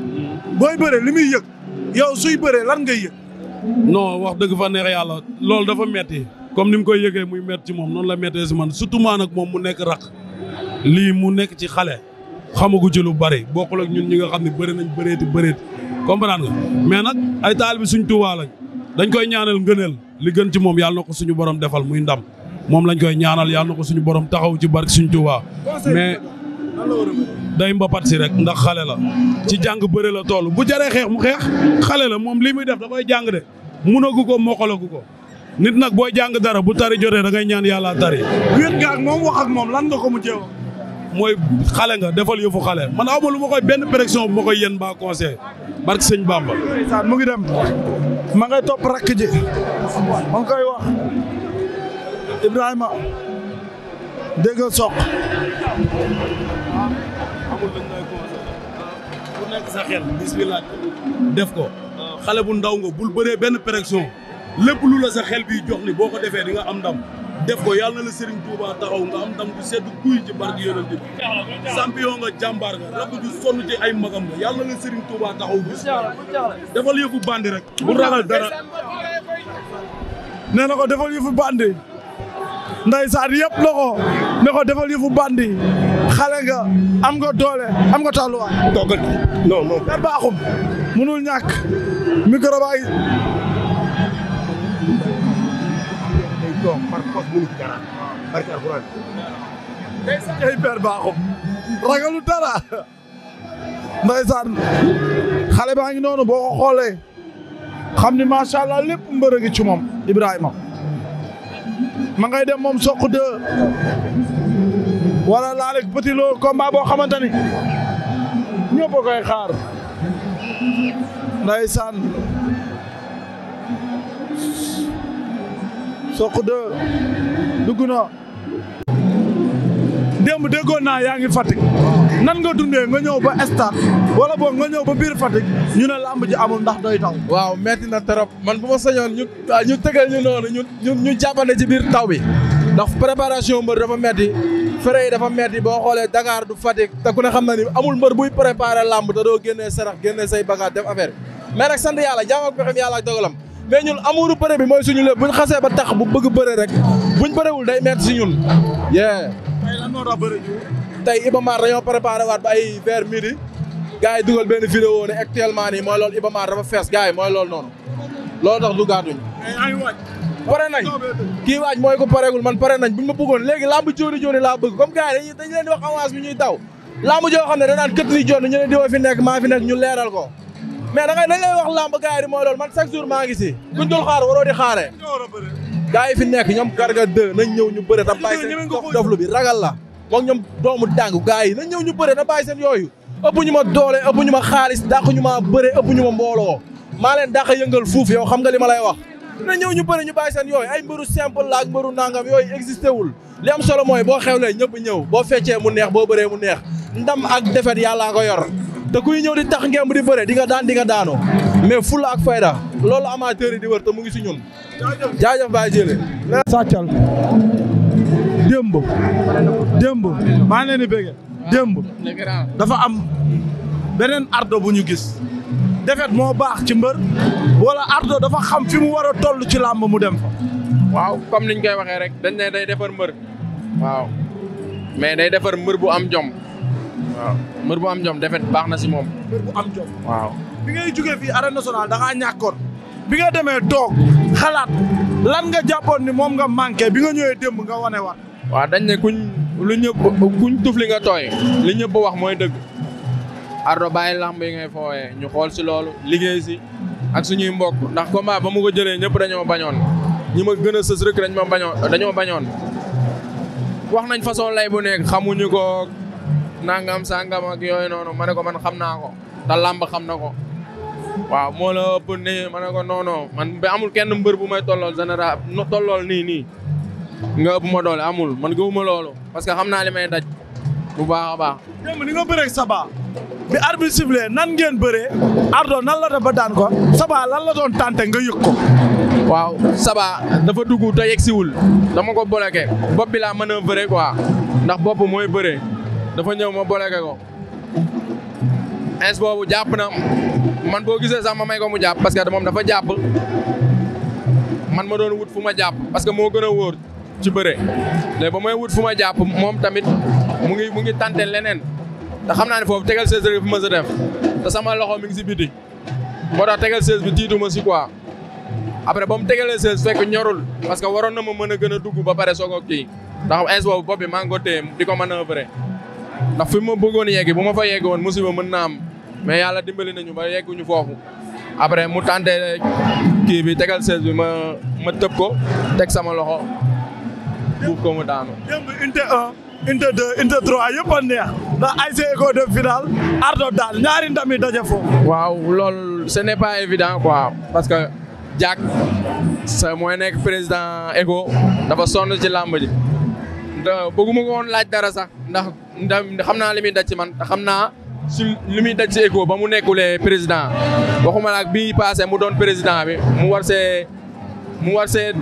booy bëree li muy yëg yow suy bëree lan ngay yëg. no wax dëgg fa neex yàlla loolu dafa metti comme ni mu koy yëgee muy metti ci moom noonu la mettee si man surtout maa nag moom mu nekk rak lii mu nekk ci xale. xamagu ci lu bari boo ak ñun ñi nga xam ne bëri nañ bëreeti bëreeti comprendre nga mais nag ay taalibe suñ Tuubaa lañ dañ koy ñaanal ngëneel li gën ci moom yàlla na ko suñu borom defal muy ndam moom lañ koy ñaanal yàlla na ko suñu borom taxaw ci barke suñ Tuubaa day mbapat rek ndax xale la ci jàng bëre la toll bu jaree xeex mu xeex xale la moom li muy def da koy jàng de munagu ko mokkalagu ko nit nag booy jàng dara bu tari jotee da ngay ñaan yàlla tari. wéet nga ak moom wax moom lan nga ko mu jéem. mooy xale nga defal yëfu xale man aw ma lu ma koy benn pression bu ma koy yéen ba conseil barke sëñ Bamba. mu ngi dem ma ngay topp rakk ji koy wax Ibrahima dégg nga soq xamul lañ lay conseillé nekk sa xel bis def ko xale bu ndaw nga bul bëree benn pression lépp lu la sa xel bi jox ni boo ko defee di nga am ndam def ko yàlla na la Serigne Touba taxaw nga am ndam bu sedd kuy ci barke yonent bi nga jàmbaar nga rakk ju sonn ci ay magam nga yàlla na la Serigne Touba taxaw bis defal yëfu bandi rek bu ragal dara nee na ko defal yëfu bandi ndeysaan yëpp na ko ne ko defal yëfu bandi xale am nga doole am nga tàlluwaay. toogal non non. dara baaxum munul ñàkk micro baay. baaxum ragalu dara ndeysaan xale baa ngi noonu boo ko xoolee xam ni macha allah lépp mbër a ci moom Ibrahima. ma ngay dem moom Sokh 2 wala laale Petit Lo combat boo xamante ni ñëpp a koy xaar ndeysaan Sokh 2 dugg na démb déggoon naa yaa ngi Fatick nan nga dundee nga ñëw ba stade wala boog nga ñëw ba biir Fatick ñu ne lamb ji amul ndax doy taw. waaw metti na trop man bu ma sañoon ñu ñu tëgal ñu noonu ñu ñu ñu jàppale ci biir taw bi ndax préparation mbër dafa metti frais yi dafa metti boo xoolee Dakar du Fatick te ku ne xam na ni amul mbër buy préparé làmb te doo génnee sarax génnee say bagaas def affaire mais nag sant yàlla jàmm ak pexem yàlla ak mais ñun amuuru bëre bi mooy suñu lépp buñ xasee ba tax bu bëgg bëre rek buñ bërewul day metti si yee. tey lan moo tax bëre ñu. tey Ibamar dañoo préparé waat ba ay vers midi gars yi dugal benn vidéo ne actuellement nii mooy loolu Ibamar dafa fees gars yi mooy loolu noonu loolu tax duggaatuñ. ay waaj. pare nañ kii waaj mooy ko pareegul man pare nañ buñ ma bëggoon léegi lamb jooni jooni laa bëgg comme gars yi dañ leen di wax ne danaan kët ni jooni ñu ne di fi nekk maa fi nekk ñu leeral ko mais da ngay nañ wax lamb gars a mooy loolu man chaque jour maa ngi si kuñ dul xaar waroo di xaaree gars yi fi nekk ñoom garga deux nañ ñëw ñu bëre ta bàyyi seen dof doflu bi la moom ñoom doomu dàng gars yi nañ ñëw ñu bëre ta bàyyi seen yooyu ëpp ñu ma doole ëpp ñu ma xaalis dàq ñu ma bëre ëpp ñu ma mbooloo maa leen dàq yëngal fuuf yow xam nga li ma lay wax na ñëw ñu bëri ñu bàyyi seen yooyu ay mbëru simple la ak mbëru nangam yooyu existé wul li am solo mooy boo xewlee ñëpp ñëw boo feccee mu neex boo bëree mu neex ndam ak defet yàllaa ko yor te kuy ñëw di tax ngemb di bëre di nga daan di nga daanoo mais fulla ak fayda loolu amateur yi di wër te mu ngi si ñun jaajëf Baye Jële sàccal démb démb maa ngi leen di bëgge dafa am beneen ardo bu ñu gis defet moo baax ci mbër wala ardo dafa xam fi mu war a toll ci làmb mu dem fa waaw comme niñ koy waxee rek dañ ne day defar mbër waaw mais day defar mbër bu am jomb waaw mbër bu am jom defet baax na si moom. mbër bu am jom waaw. bi ngay jugee fii arène nationale da ngaa ñàkkoon. bi nga demee toog xalaat lan nga jàppoon ni moom nga manqué bi nga ñëwee démb nga wane war waa dañ ne kuñ lu ñëpp kuñ tuf li nga tooy li ñëpp wax mooy dëgg. Ardo bàyyi lamb yi ngay foowee ñu xool si loolu liggéey si ak suñuy mbokk ndax combat ba mu ko jëlee ñëpp dañoo bañoon ñi ma gën a sës rek dañ ma bañoon dañoo bañoon. wax nañ façon lay bu nekk xamuñu ko nangam sangam ak yooyu noonu ma ne ko man xam naa ko te làmb xam na ko waaw moo la ëpp nii ma ne ko non non man ba amul kenn mbër bu may tollool général no tollool nii nii nga ëpp ma doole amul man gëwuma loolu parce que xam naa li may daj bu baax baax. démb ni nga bëree Saba bi arbitre sifflé nan ngeen bëree Ardo nan la def daan ko Saba lan la doon tante nga yëg ko. waaw Saba dafa dugg te yegsiwul dama ko bloqué bopp bi laa mën a bëree quoi ndax bopp mooy bëree. dafa ñëw ma bloqué ko ins boobu jàpp na man boo gisee sax ma may ko mu jàpp parce que moom dafa jàpp man ma doon wut fu ma jàpp parce que moo gën a wóor ci bëre léegi ba may wut fu ma jàpp moom tamit mu ngi mu ngi tante leneen te xam naa ne foofu tegal sees rek fu ma sa def te sama loxo mi ngi si biti moo tax tegal sees bi tiituma si quoi après ba mu tegalee sees fekk ñorul parce que waroon na ma mën a gën a dugg ba pare soog a kii ndax ins boobu bopp bi maa ngi ko téye di ko manoeuvrer ndax fi ma bëggoon yegg bu ma fa yegg woon musiba mën naam am mais yàlla dimbali nañu ba yegguñu foofu après mu tànte kii bi tegal sees bi ma ma teg ko teg sama loxo buub ko mu daanu. inte un inte deux inte trois yëpp a neex ndax ASC ECCO de final Ardo daal ñaari ndam yi daje foofu. waaw lool ce e pas évident quoi parce que Jack sa mooy nekk président ECCO dafa sonn ci làmb bëgguma ko woon laaj dara sax ndax ndax xam naa li muy daj ci man xam naa su li muy daj ci ECHO ba mu nekkulee président waxuma la ak bii passé mu doon président bi mu war see mu war see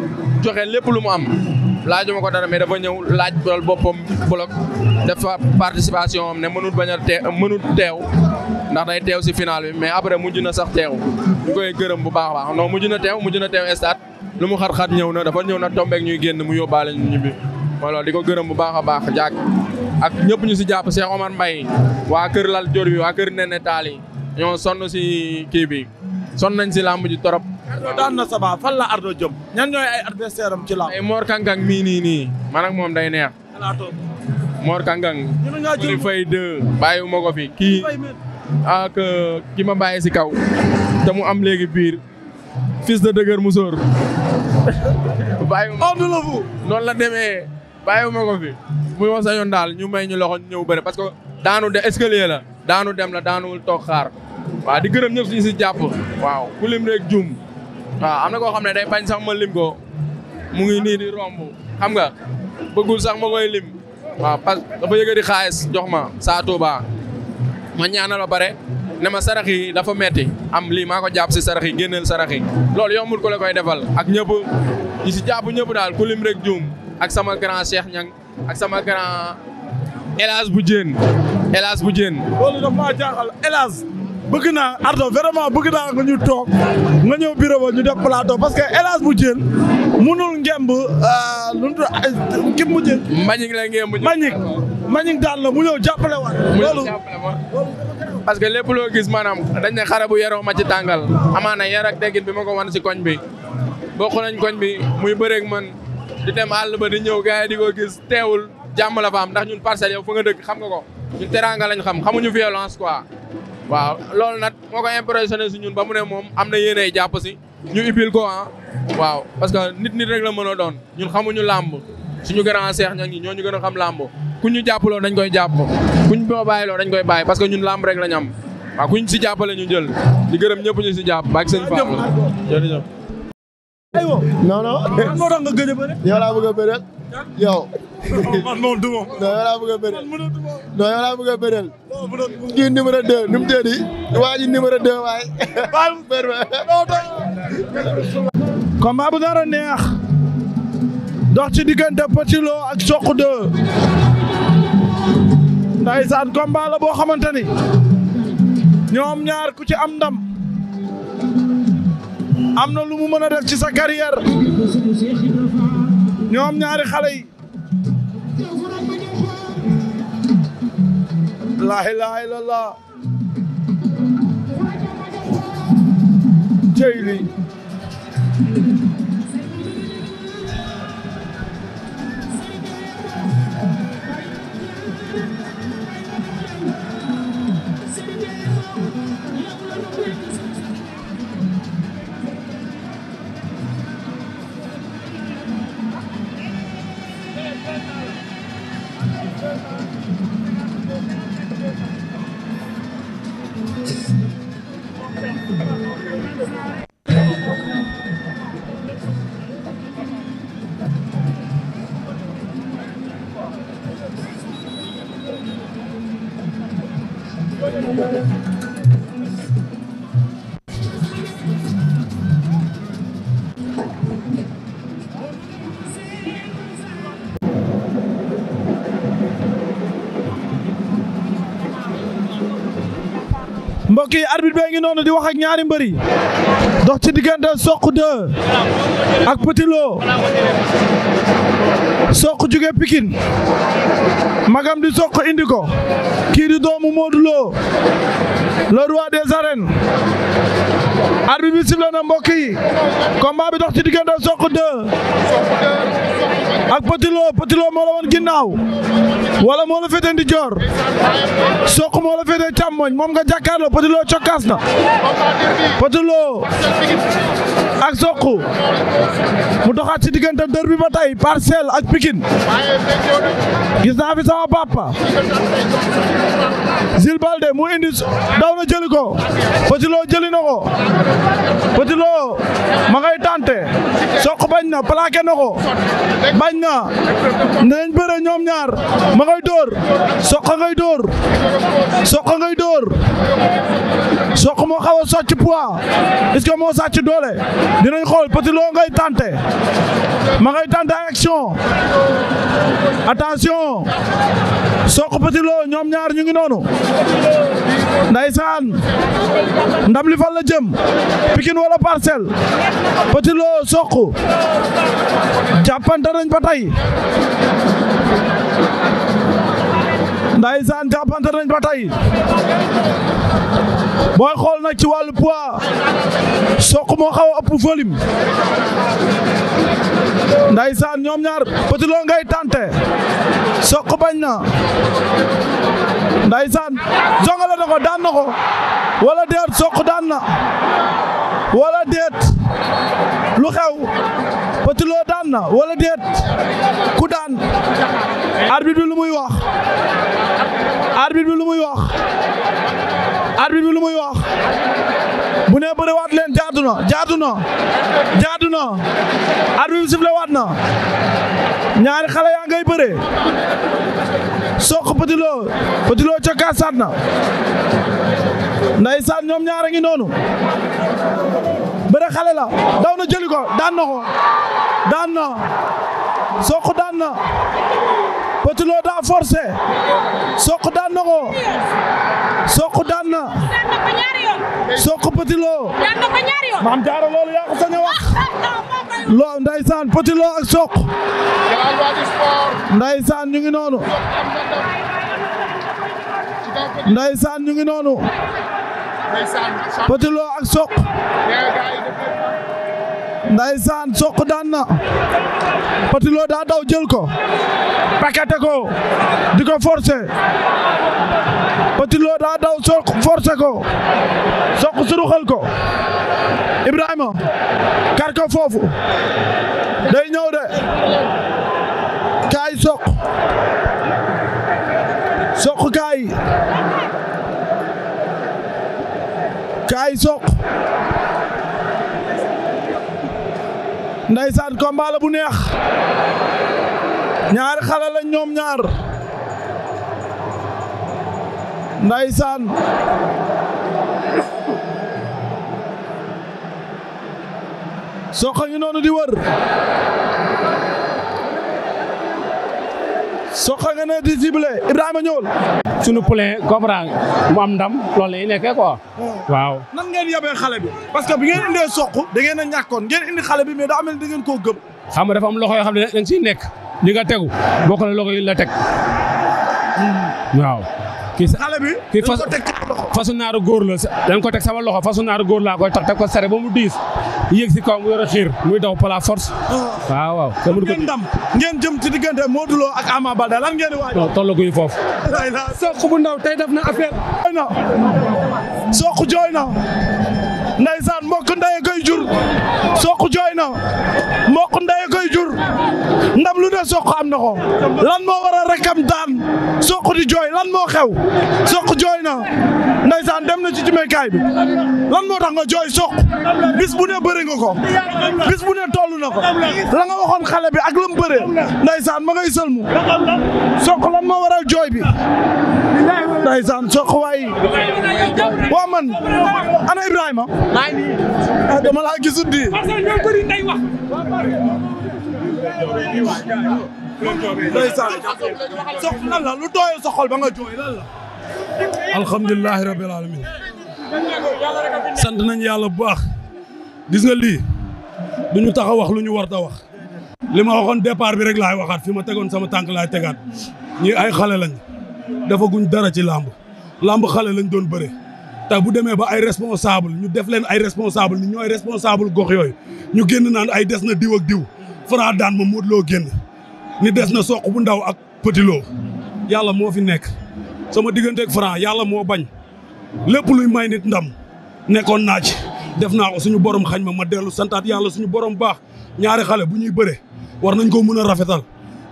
joxe lépp lu mu am laajuma ko dara mais dafa ñëw laaj lool boppam bloc def fa participation am ne mënut bañ a tee mënut teew ndax day teew si final bi mais après mujj na sax teew ñu koy gërëm bu baax a baax non mujj na teew mujj na teew stade lu mu xat-xat ñëw na dafa ñëw na tombeek ñuy génn mu yóbbaale ñu ñibbi. wala di ko gërëm bu baax baax jaak ak ñëpp ñu si jàpp Cheikh Omar mbay waa kër lal joor bi waa kër Nene Taal yi ñoo sonn si kii bi son nañ si làmb ji torop Ardo daan na Saba fan la Ardo jëm ñan ñooy ay adversaire am ci làmb ay Mor Kankang mii nii nii man moom day neex Mor Kankang li fay deux bàyyiwuma ko fi kii ak euh, ki ma bàyyi si kaw te mu am léegi biir fils de dëgër musóor bàyyiwuma noonu la demee bàyyiwuma ko fi muy wax daal ñu may ñu loxo ñu ñëw bëri parce que daanu de escalier la daanu dem la daanuwul toog xaar waaw di gërëm ñëpp suñu si jàpp waaw ku lim rek jum waaw am na koo xam ne day bañ sax ma lim ko mu ngi nii di romb xam nga bëggul sax ma koy lim waaw parce que dafa yëga di xaalis jox ma saa ba ma ñaanal ba pare ne ma sarax dafa metti am lii maa ko jàpp si sarax yi génneel sarax yi loolu yombul ko koy defal ak ñëpp ñi si jàpp ñëpp daal ku lim rek juum ak sama grand Cheikh Niang ak sama grand Elhadj bu Dieng Elhadj bu Dieng. loolu maa jaaxal Elhadj bëgg naa Ardo vraiment bëgg naa nga ñu toog nga ñëw bureau ba ñu def plateau parce que Elhadj bu Dieng ngemb euh, lu mu tudd kim bu Dieng. Mbagnick la ngemb bu daan la mu ñëw jàppale waat. loolu parce que lépp loo gis maanaam dañ ne xare bu yaroo ma ci tàngal amaana yar ak teggin bi ma ko wan si koñ bi bokk nañ koñ muy bëreeg man. di tem àll ba di ñëw gars di ko gis teewul jàmm la fa am ndax ñun parcelle yow fa nga dëkk xam nga ko ñun teranga lañ xam xamuñu violence quoi waaw lool nag moo ko impressionné si ñun ba mu ne moom am na yéenay jàpp si ñu ibil ko ah waaw parce que nit nit rek la mën a doon ñun xamuñu làmb suñu grand seex ña ngi ñoo ñu gën a xam làmb ku ñu jàppaloo nañ koy jàpp kuñ boo bàyyi loo dañ koy bàyyi parce que ñun làmb rek la ñu am waaw kuñ si jàppale ñu jël di gërëm ñëpp ñu si jàpp baag sëñ Fall jërëjëf aywa non non. nga gëj a yow laa bëgg a yow. man moom du moom. non yow laa bëgg nu mu tee di. waa ji numéro 2 bu nar neex. dox ci diggante Petit Lo ak Sokh 2. ndaysaan combat la boo xamante ni. ñoom ñaar ku ci am ndam. am na lu mu mën a def ci sa carrière ñoom ñaari xale yi la ilaha illallah cey li Thank you. arbitre bee ngi noonu di wax ak ñaari mbëri dox ci diggante Sokh 2 ak Petit Lo Sokh jóge Pikine magam di Sokh indi ko kii doomu Modou Lo le roi des arènes arbitre bi sifflé na mbokk yi bi dox ci diggante Sokh 2 ak Petit Lo moo la woon ginnaaw wala moo la féetee ndi joor soq moo la féetee càmmoñ moom nga jàkkaarloo Petit Lo cokkaas na Petit Lo ak soq mu doxaat ci diggante dër bi ba tey Parcelles ak Pikine gis naa fi sama papa Jules Baldé mu indi daw na jëli ko Petit jëli na ko Petit Lo ma tante soq bañ na palaake na ko bañ na nañ bëre ñoom ñaar ma ngay dóor soq ngay dóor soq ngay dóor soq moo xaw a socc poids est-ce que moo sàcc doole dinañ xool Petit Lo ngay tante ma ngay tante action attention soq Petit Lo ñoom ñaar ñu ngi noonu ndaysaan ndam li fan la jëm Pikine wala Parcelles Petit Lo soq jàppante nañ ba tey ndaysaan jàppante nañ ba booy xool na ci wàllu poids soq moo xaw a ëpp volume ndaysaan ñoom ñaar Petit Lo ngay tante Sokh bañ na ndaysaan jongale na ko daan na ko walla déet soq daan na wala déet lu xew Petit Lo daan na walla déet ku daan arbitre bi lu muy wax arbitre bi lu muy wax arbitre bi lu muy wax bu ne bëri waat leen jaadu na jaadu na na arbitre bi sifle waat na ñaari xale yaa ngay bëre soq Petit Lo Petit Lo cokkaa saat na ndeysaan ñoom ñaara ngi noonu bëre xale la daw na jëli ko daan na ko daan na soq daan na Petit Lo daa forcé Sokh daan na ko Sokh daan na Sokh Petit Lo maam jaara loolu yaa ko sañ wax ah, ah, ah, loolu ndeysaan Petit Lo ak Sokh ndeysaan ñu ngi noonu ndeysaan ñu ngi noonu Petit loo ak Sokh ndaysaan soq daan na Petit daw jël ko pakete ko di ko forcer Petit Lo daa daw soq forcer ko soq suruxal ko Ibrahima kar ko foofu day ñëw de kaay soq soq kaay kaay soq Ndeysaan combat la bu neex ñaari xale la ñoom ñaar Ndeysaan Sokh a ngi noonu di wër soqa nga na di ciblé Ibrahima ñëwul. sunu plein comprendre mu am ndam lool la ñuy nekkee quoi. Hmm. waaw nan ngeen yabee xale bi parce que bi ngeen indee soq da ngeen a ñàkkoon ngeen indi xale bi mais daa mel da ngeen koo gëm. xam nga dafa am loxo yoo xam ne dañ siy nekk li nga tegu bokk na loxo yi la teg hmm. waaw. kii xale bi kii fas fasu naaru góor la dañ ko teg a loxo fasu naaru góor laa a tax teg ko sare ba mu diis yéeg kaw mu yor a xiir muy daw par force ah. waaw waaw ngeen ndam ngeen jëm ci diggante Modou Lo ak Ama Baldé ngeen waaj non tollaguñu foofu soq bu ndaw tey def na affaire jooy na soq jooy na ndeysaan naan mbokk ndey koy jur soq jooy na mbokk ndey koy jur ndam lu ne soq am na ko lan moo waral rekam daan soq di jooy lan moo xew soq jooy na ndeysaan dem na ci jumekaay bi lan moo tax nga jooy soq bis bu ne bëri nga ko bis bu ne toll na ko la nga xale bi ak lam bëree ndeysaan ma ngay sëlmu soq lan moo waral jooy bi ndeysaan soq waay waa man ana Ibrahima ah dama laa gisut di. parce que ñoo lu tooyal sa xol ba nga jooy lan la. alhamdulilah alamin sant nañ yàlla bu baax. gis nga lii duñu tax a wax lu ñu war ta wax. li ma waxoon départ bi rek lay waxaat fi ma tegoon sama tànk laay tegaat ñii ay xale lañ dafa guñ dara ci làmb làmb xale lañ doon bëre. te bu demee ba ay responsable ñu def leen ay responsable ni ñooy responsable gox yooyu ñu génn naan ay des na diw ak diw Franc daan ma Modou génn ni des na soq bu ndaw ak Petit Lo yàlla moo fi nekk sama digganteeg Franc yàlla moo bañ lépp luy may nit ndam nekkoon naaj def naa ko suñu borom xañ ma ma dellu santaat yàlla suñu borom baax ñaari xale bu ñuy bëre war nañ ko mun a rafetal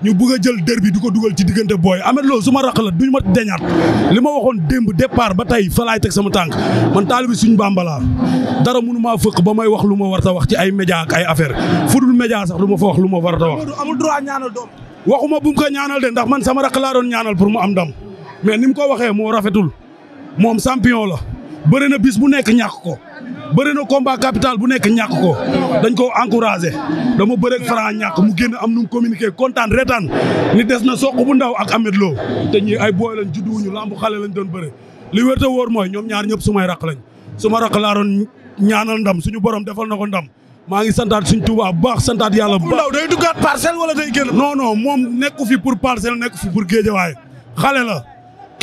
ñu bëgg a jël dër bi di ko dugal ci diggante booy Ameth loo su ma raq la duñ ma deñaat li ma waxoon démb départ ba tey fa laay teg sama tànk man taalibi suñ Bàmba laa dara mënu maa fëkk ba may wax lu ma war ta wax ci ay média ay affaire fu dul média sax lu ma fa wax lu ma war ta wax amul droit ñaanal doom waxuma bu mu ko ñaanal de ndax man sama raq laa doon ñaanal pour mu am ndam mais ni mu ko waxee moo rafetul moom champion la bëri na bis bu nekk ñàkk ko bëri na combat capital bu nekk ñàkk ko dañ ko encouragé dama bëreeg Franc ñàkk mu génn am nu mu communiqué kontaan retaan ni des na soq bu ndaw ak Ameth Lo te ñi ay booy lañ judduwuñu lambu xale lañ doon bëre li wér te wóor mooy ñoom ñaar ñëpp sumay raq lañ suma raq laa doon ñaanal ndam suñu borom defal na ko ndam maa ngi santaat suñ Tuubaa bu baax santaat yàlla bu baax. ndaw day duggaat parcelle wala day génn. non non moom nekku fi pour parcelle nekku fi pour géejawaay xale la.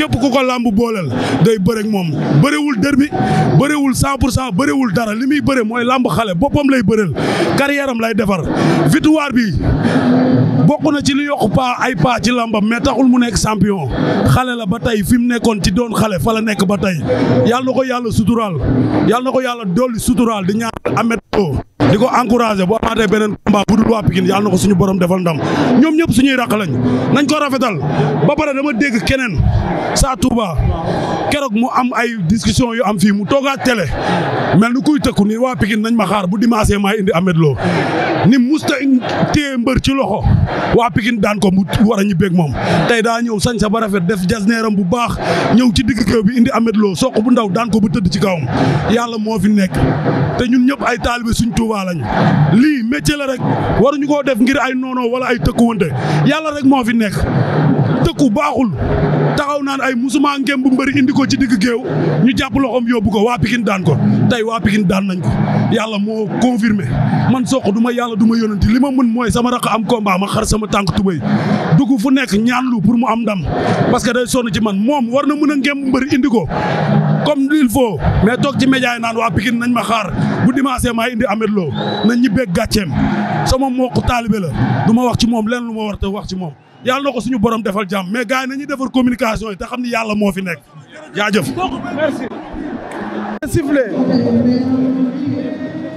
képp ku ko làmb booleel day bëre moom bëriwul dër bi bëriwul saa pour cent bëriwul dara li muy bëre mooy làmb xale boppam lay bëreel carrière am lay defar victoire bi bokk na ci lu yokk pa ay pa ci lambam mais taxul mu nekk champion xale la ba tey fi mu nekkoon ci doon xale fa la nekk ba tey yàlla na ko yàlla suturaal yàlla na ko yàlla dolli suturaal di ñaan amet di ko encouragé boo amaatee beneen combat bu dul waa Pikine yàlla na ko suñu borom defal ndam ñoom ñëpp suñuy raq lañ nañ koo rafetal ba pare dama dégg keneen saa Touba keroog mu am ay discussion yu am fii mu toogaat tele mel nu kuy tëkku ni waa Pikine nañ ma xaar bu dimanche maa indi Ameth Lo ni musta téye mbër ci loxo waa Pikine daan ko mu war a ñibbeeg moom tey daa ñëw sañ sa ba rafet def jasneeram bu baax ñëw ci digg géew bi indi Amet soq bu ndaw daan ko bu tëdd ci kawam yàlla moo fi nekk te ñun ñëpp ay taalibe suñ Tuubaa lañu lii métier la rek ñu koo def ngir ay noonoo wala ay tëkkuwante yàlla rek moo fi nekk tëkku baaxul taxaw naan ay musuma ngem bu mbëri indi ko ci digg géew ñu jàpp loxoom yóbbu ko waa Pikine daan ko tey waa Pikine daan nañ ko yàlla moo confirmé man soq du ma yàlla du ma yónanti li ma mën mooy sama raq am combat xar sama tànk tubéy dugg fu nekk ñaanlu pour mu am ndam parce que day sonn ci man moom war na mën a ngem mbër indi ko comme il faut mais toog ci média naan waa Pikine nañ ma xaar bu dimanche maa indi Ameth Lo nañ ñibbeeg gàcceem sama mbokku taalibe la du ma wax ci moom lenn lu ma war te wax ci moom yàlla na ko suñu borom defal jàmm mais gars na nañuy defar communication yi te xam ni yàlla moo fi nekk jaajëf.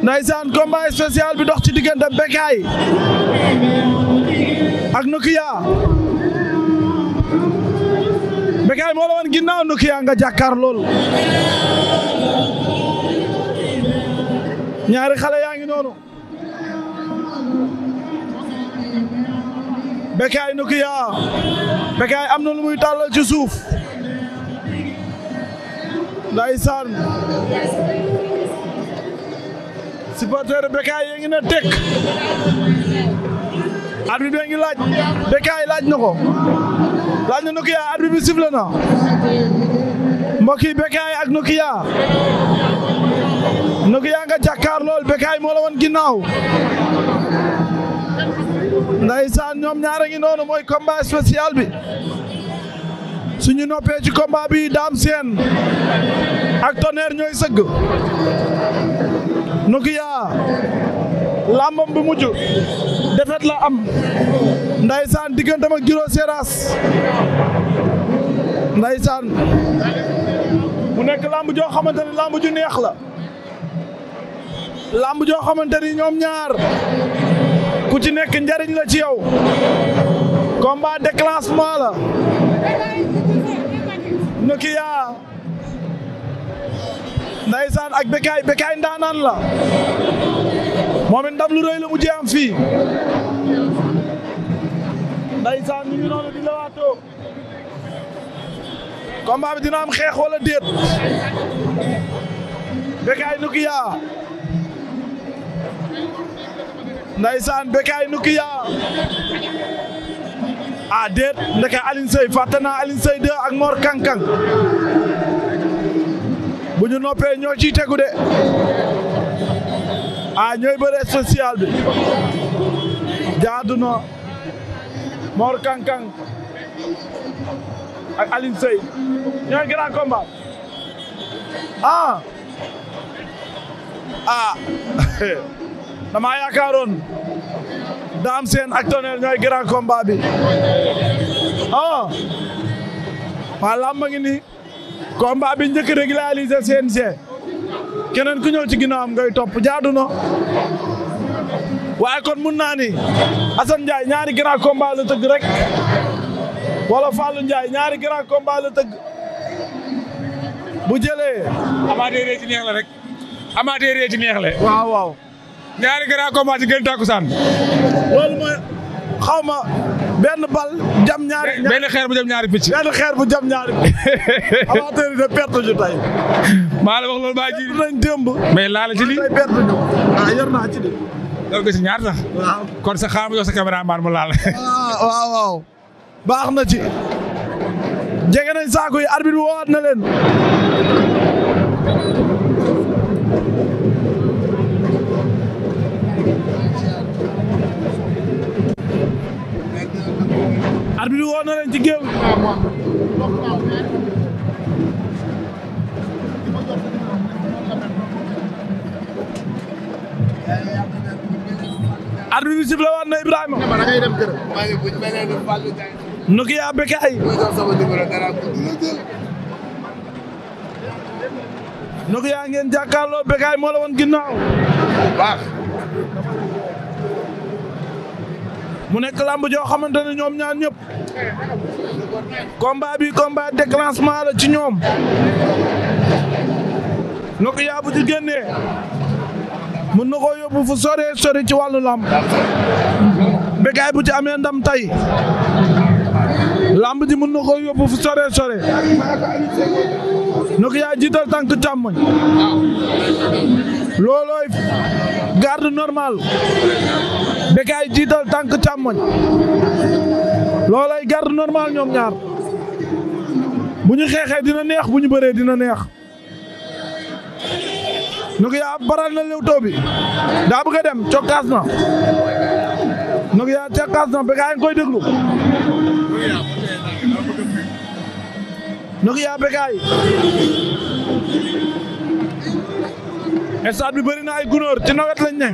ndaysaan combat spécial bi dox ci diggante Bécaye ak Nokia Bécaye moo la woon ginnaaw nga jàkkaar lool ñaari xale yaa ngi noonu Bécaye Nokia Bécaye am na lu muy tàllal ci suuf ndaysaan supporteur Bécaye yi ngi na tekk arbitre bi ngi laaj Bécaye laaj na ko laaj na Nokia arbitre bi sifflé na mbokk yi ak Nokia Nokia nga jàkkaar lool Bécaye moo la woon ginnaaw ndeysaan ñoom ñaara ngi noonu mooy komba spécial bi suñu noppee ci komba bi Dame seen ak Tonnerre ñooy sëgg Nokia làmbam bi mujj defet la am ndaysaan diggantam ak Giro Seras ndaysaan mu nekk làmb joo xamante ne làmb ju neex la làmb joo xamante ni ñoom ñaar ku ci nekk njariñ la ci yow combat déclenchement la Nokia ndaysaan ak Bécaye Bécaye ndaanaan la moom it ndam lu rëy la mu jéem fii ñu noonu di lewaatoo combat bi dina am xeex wala déet Bécaye Nokia ndaysaan Bécaye Nokia ah déet ndeke Alioune Seye fàtte naa ak Mor Kankang bu ñu noppee ñoo ci tegu de ah ñooy bëre spécial bi jaadu na Mor Kang Kang ak Alioune Seye ñooy grand combat ah ah damaa yaakaaroon Dame Sène ak Tonnerre ñooy grand combat bi ah waa ngi nii combat bi njëkk régulariser CNG keneen ku ñëw ci ginnaawam ngay topp jaadu na waaye kon mun naa ni Assane Ndiaye ñaari grand combat la tëgg rek wala Fallou Ndiaye ñaari grand combat la tëgg bu jëlee. amateur yi ci neex rek amateur yi ci neex waaw waaw. ñaari grand combat ci gën takkusaan. loolu mooy xaw ma benn bal jam ñaari. benn xeer bu jam ñaari picc. benn xeer bu jam ñaari picc. amateur yi de perte ñu tey. maa la wax loolu baa ji. nañ démb. mais laala ci lii tey perte ñu. ah yor naa ci de. loolu gis ñaar sax. waaw kon sa xaar ma jox sa caméraman mu laal. waaw ah, waaw waaw. baax na ci. jege nañ saako yi arbitre bi woowaat na leen. arbitre bi woo na leen ci géew arbitre bi sifflé waat na Ibrahima Nokia Bécaye Nokia ngeen jàkkaarloo Bécaye moo la woon ginnaaw mu nekk lamb joo xamante ne ñoom ñaar ñëpp combat bi combat déclenchement la ci ñoom nok yaa bu ci génnee mën na ko yóbbu fu sore sori ci wàllu lamb Bécaye bu ci amee ndam tay lamb ji mën na ko yóbbu fu sore sore nok yaa jiital tànk càmmoñ loolooy garde normal Bécaye jiital tànk càmmoñ loolooy garde normal ñoom ñaar bu ñu xeexee dina neex bu ñu bëree dina neex Nokia baral na lewtoo bi daa bëgg dem cokkaas na Nokia cokkaas na Bécaye nga koy déglu Nokia stade bi bëri na ay gunóor ci nawet lañ ne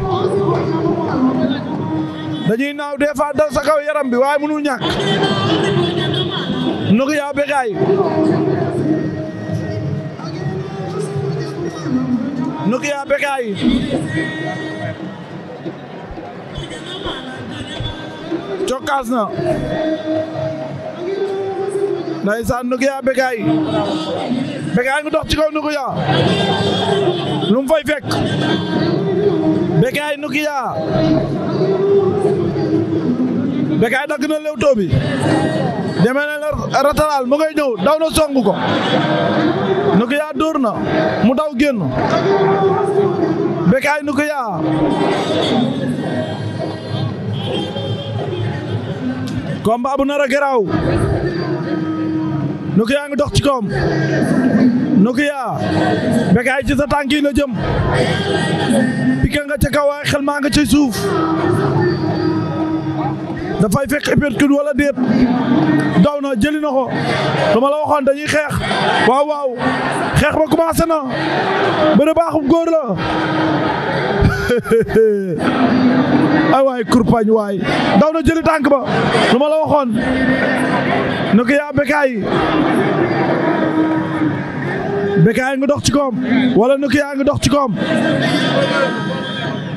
dañuy naaw des fois dal sa kaw yaram bi waaye mënul ñàkk nugu yaa begaay nugu yaa begaay cokkaas na ndaysaan nugu yaa begaay begaay ngi dox ci kaw nugu yaa lu mu fay fekk Bécaye Nokia Bécaye dagg na lewtoo bi demee na la mu ngay ñëw daw na ko Nokia dóor na mu daw génn Bécaye Nokia combat bu na a Nokia ngi dox ci kawam Nokia Bécaye ci sa tànk yi la jëm piqué nga ca kaw waaye xel maa nga ci suuf dafay fekk uppercut wala déet daw na jëli na ko dama la waxoon dañuy xeex waaw waaw xeex ba commencé na bëre baaxum góor la ay waay kurpañ waay daw na jëli tànk ba lu ma la waxoon ne ko yaa bekaay bekaay nga dox ci koom wala ne yaa ngi dox ci koom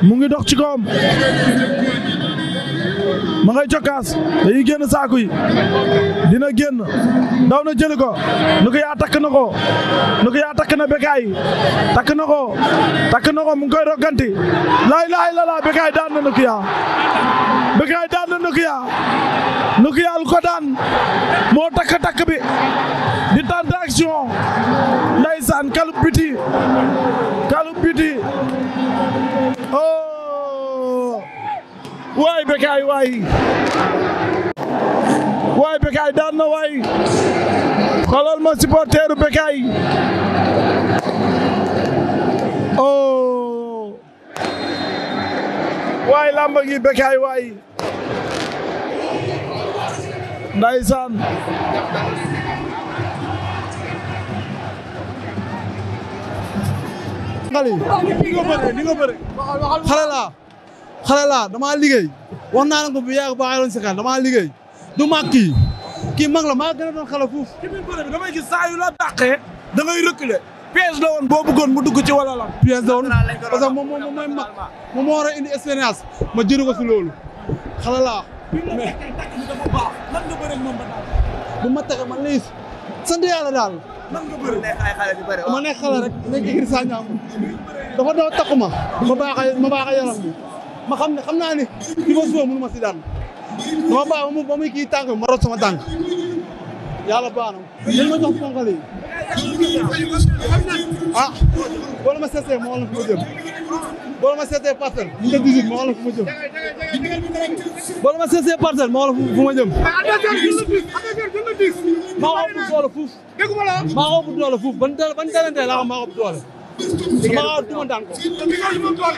mu ngi dox ci koom ma ngay cokkaas dañuy génn saaku yi dina génn daw na jëli ko nu ko yaa takk na ko nu ko yaa takk na bekaay takk na ko takk na ko mu ngi koy rogganti laay laay la daan na nu ko yaa bekaay daan na nu ko yaa nu ko yaa ko daan moo takk takk bi di tànn action ndeysaan kalu biti kalu biti oh waay Bécaye waay waay Bécaye daan na waay xoolal ma supporteru Bécaye oh waay lamba gi Bécaye waay ndaysaan xale la xale laa liggéey wax naa la ko bu yàgg baaxee woon si xel damaa liggéey du mag kii kii mag la maa gën a doon xale fuuf. ci biir bëre damay gis saa la dàqee da ngay reculer piège boo bëggoon mu dugg ci wala la. piège la woon parce que moom war a indi expérience ma jëri ko si loolu xale laa. mais bu ma taxee man lay sant yàlla daal. man nga bëri ma nekk xale rek nekk Igri Sagnam dafa doon ma. ma baax a ma baax a ma xam ne xam naa ne li ma suba mënu ma si daan dama baax mu ba muy kii tànk ma rot sama tànk yàlla baax na yéen ma jox ponkal ah, ma seetee fu ma jëm boo ma seetee parcelle unité ma wax fu ma jëm ma seetee parcelle ma wax la fu ma jëm maa ko ëpp doole fuuf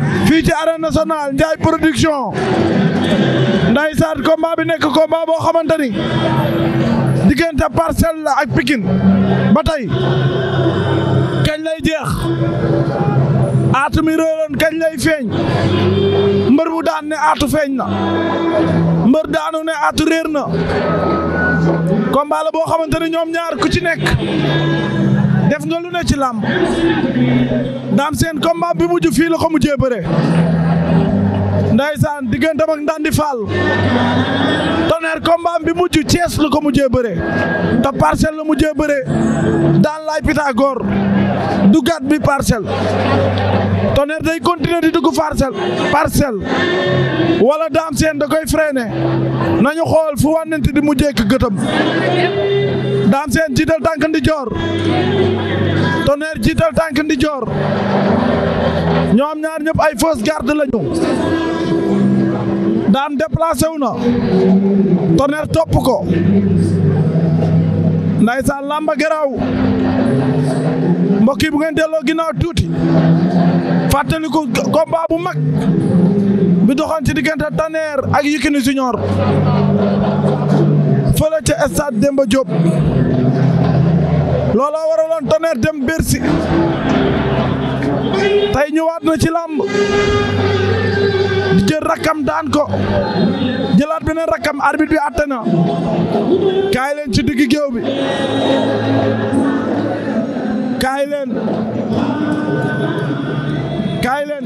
fii ci arène nationale Ndiaye production ndaysaan combat bi nekk combat boo xamante ni diggante parcelle la ak Pikine ba tey kañ lay jeex aatu mi réeroon kañ lay feeñ mbër bu daan ne aatu feeñ na mbër daanu ne aatu réer na combat la boo xamante ni ñoom ñaar ku ci nekk def nga lu ci làmb daam seen combat bi mujj fii la ko mujjee bëre ndaysaan diggantam ak Ndandi Fall Tonnerre combat bi mujj Thiès la ko mu bëre te parcelle la mu bëre daan laay Pythagore du gat bi parcelle Tonnerre day continuer di dugg parcelle parcelle wala daam seen da koy freiné nañu xool fu wànnante di mujjee ak gëtam daam seen jiital tànk ndi joor Tonnerre jiital tànk ndi joor ñoom ñaar ñëpp ay fausse garde la ñu daan déplacé wu na Tonnerre topp ko ndaysaan lamba garaaw mbokk yi bu ngeen delloo ginnaaw tuuti fàttali ko combat bu mag bi doxoon ci diggante Tonnerre ak Yékini Junior fële ca stade Demba Diop looloo waraloon Tonnerre dem Bercy tey ñëwaat na ci làmb di jël rakkam daan ko jëlaat beneen rakkam arbitre bi àtte na kaay ci digg géew bi kaay kaayleen kaayleen leen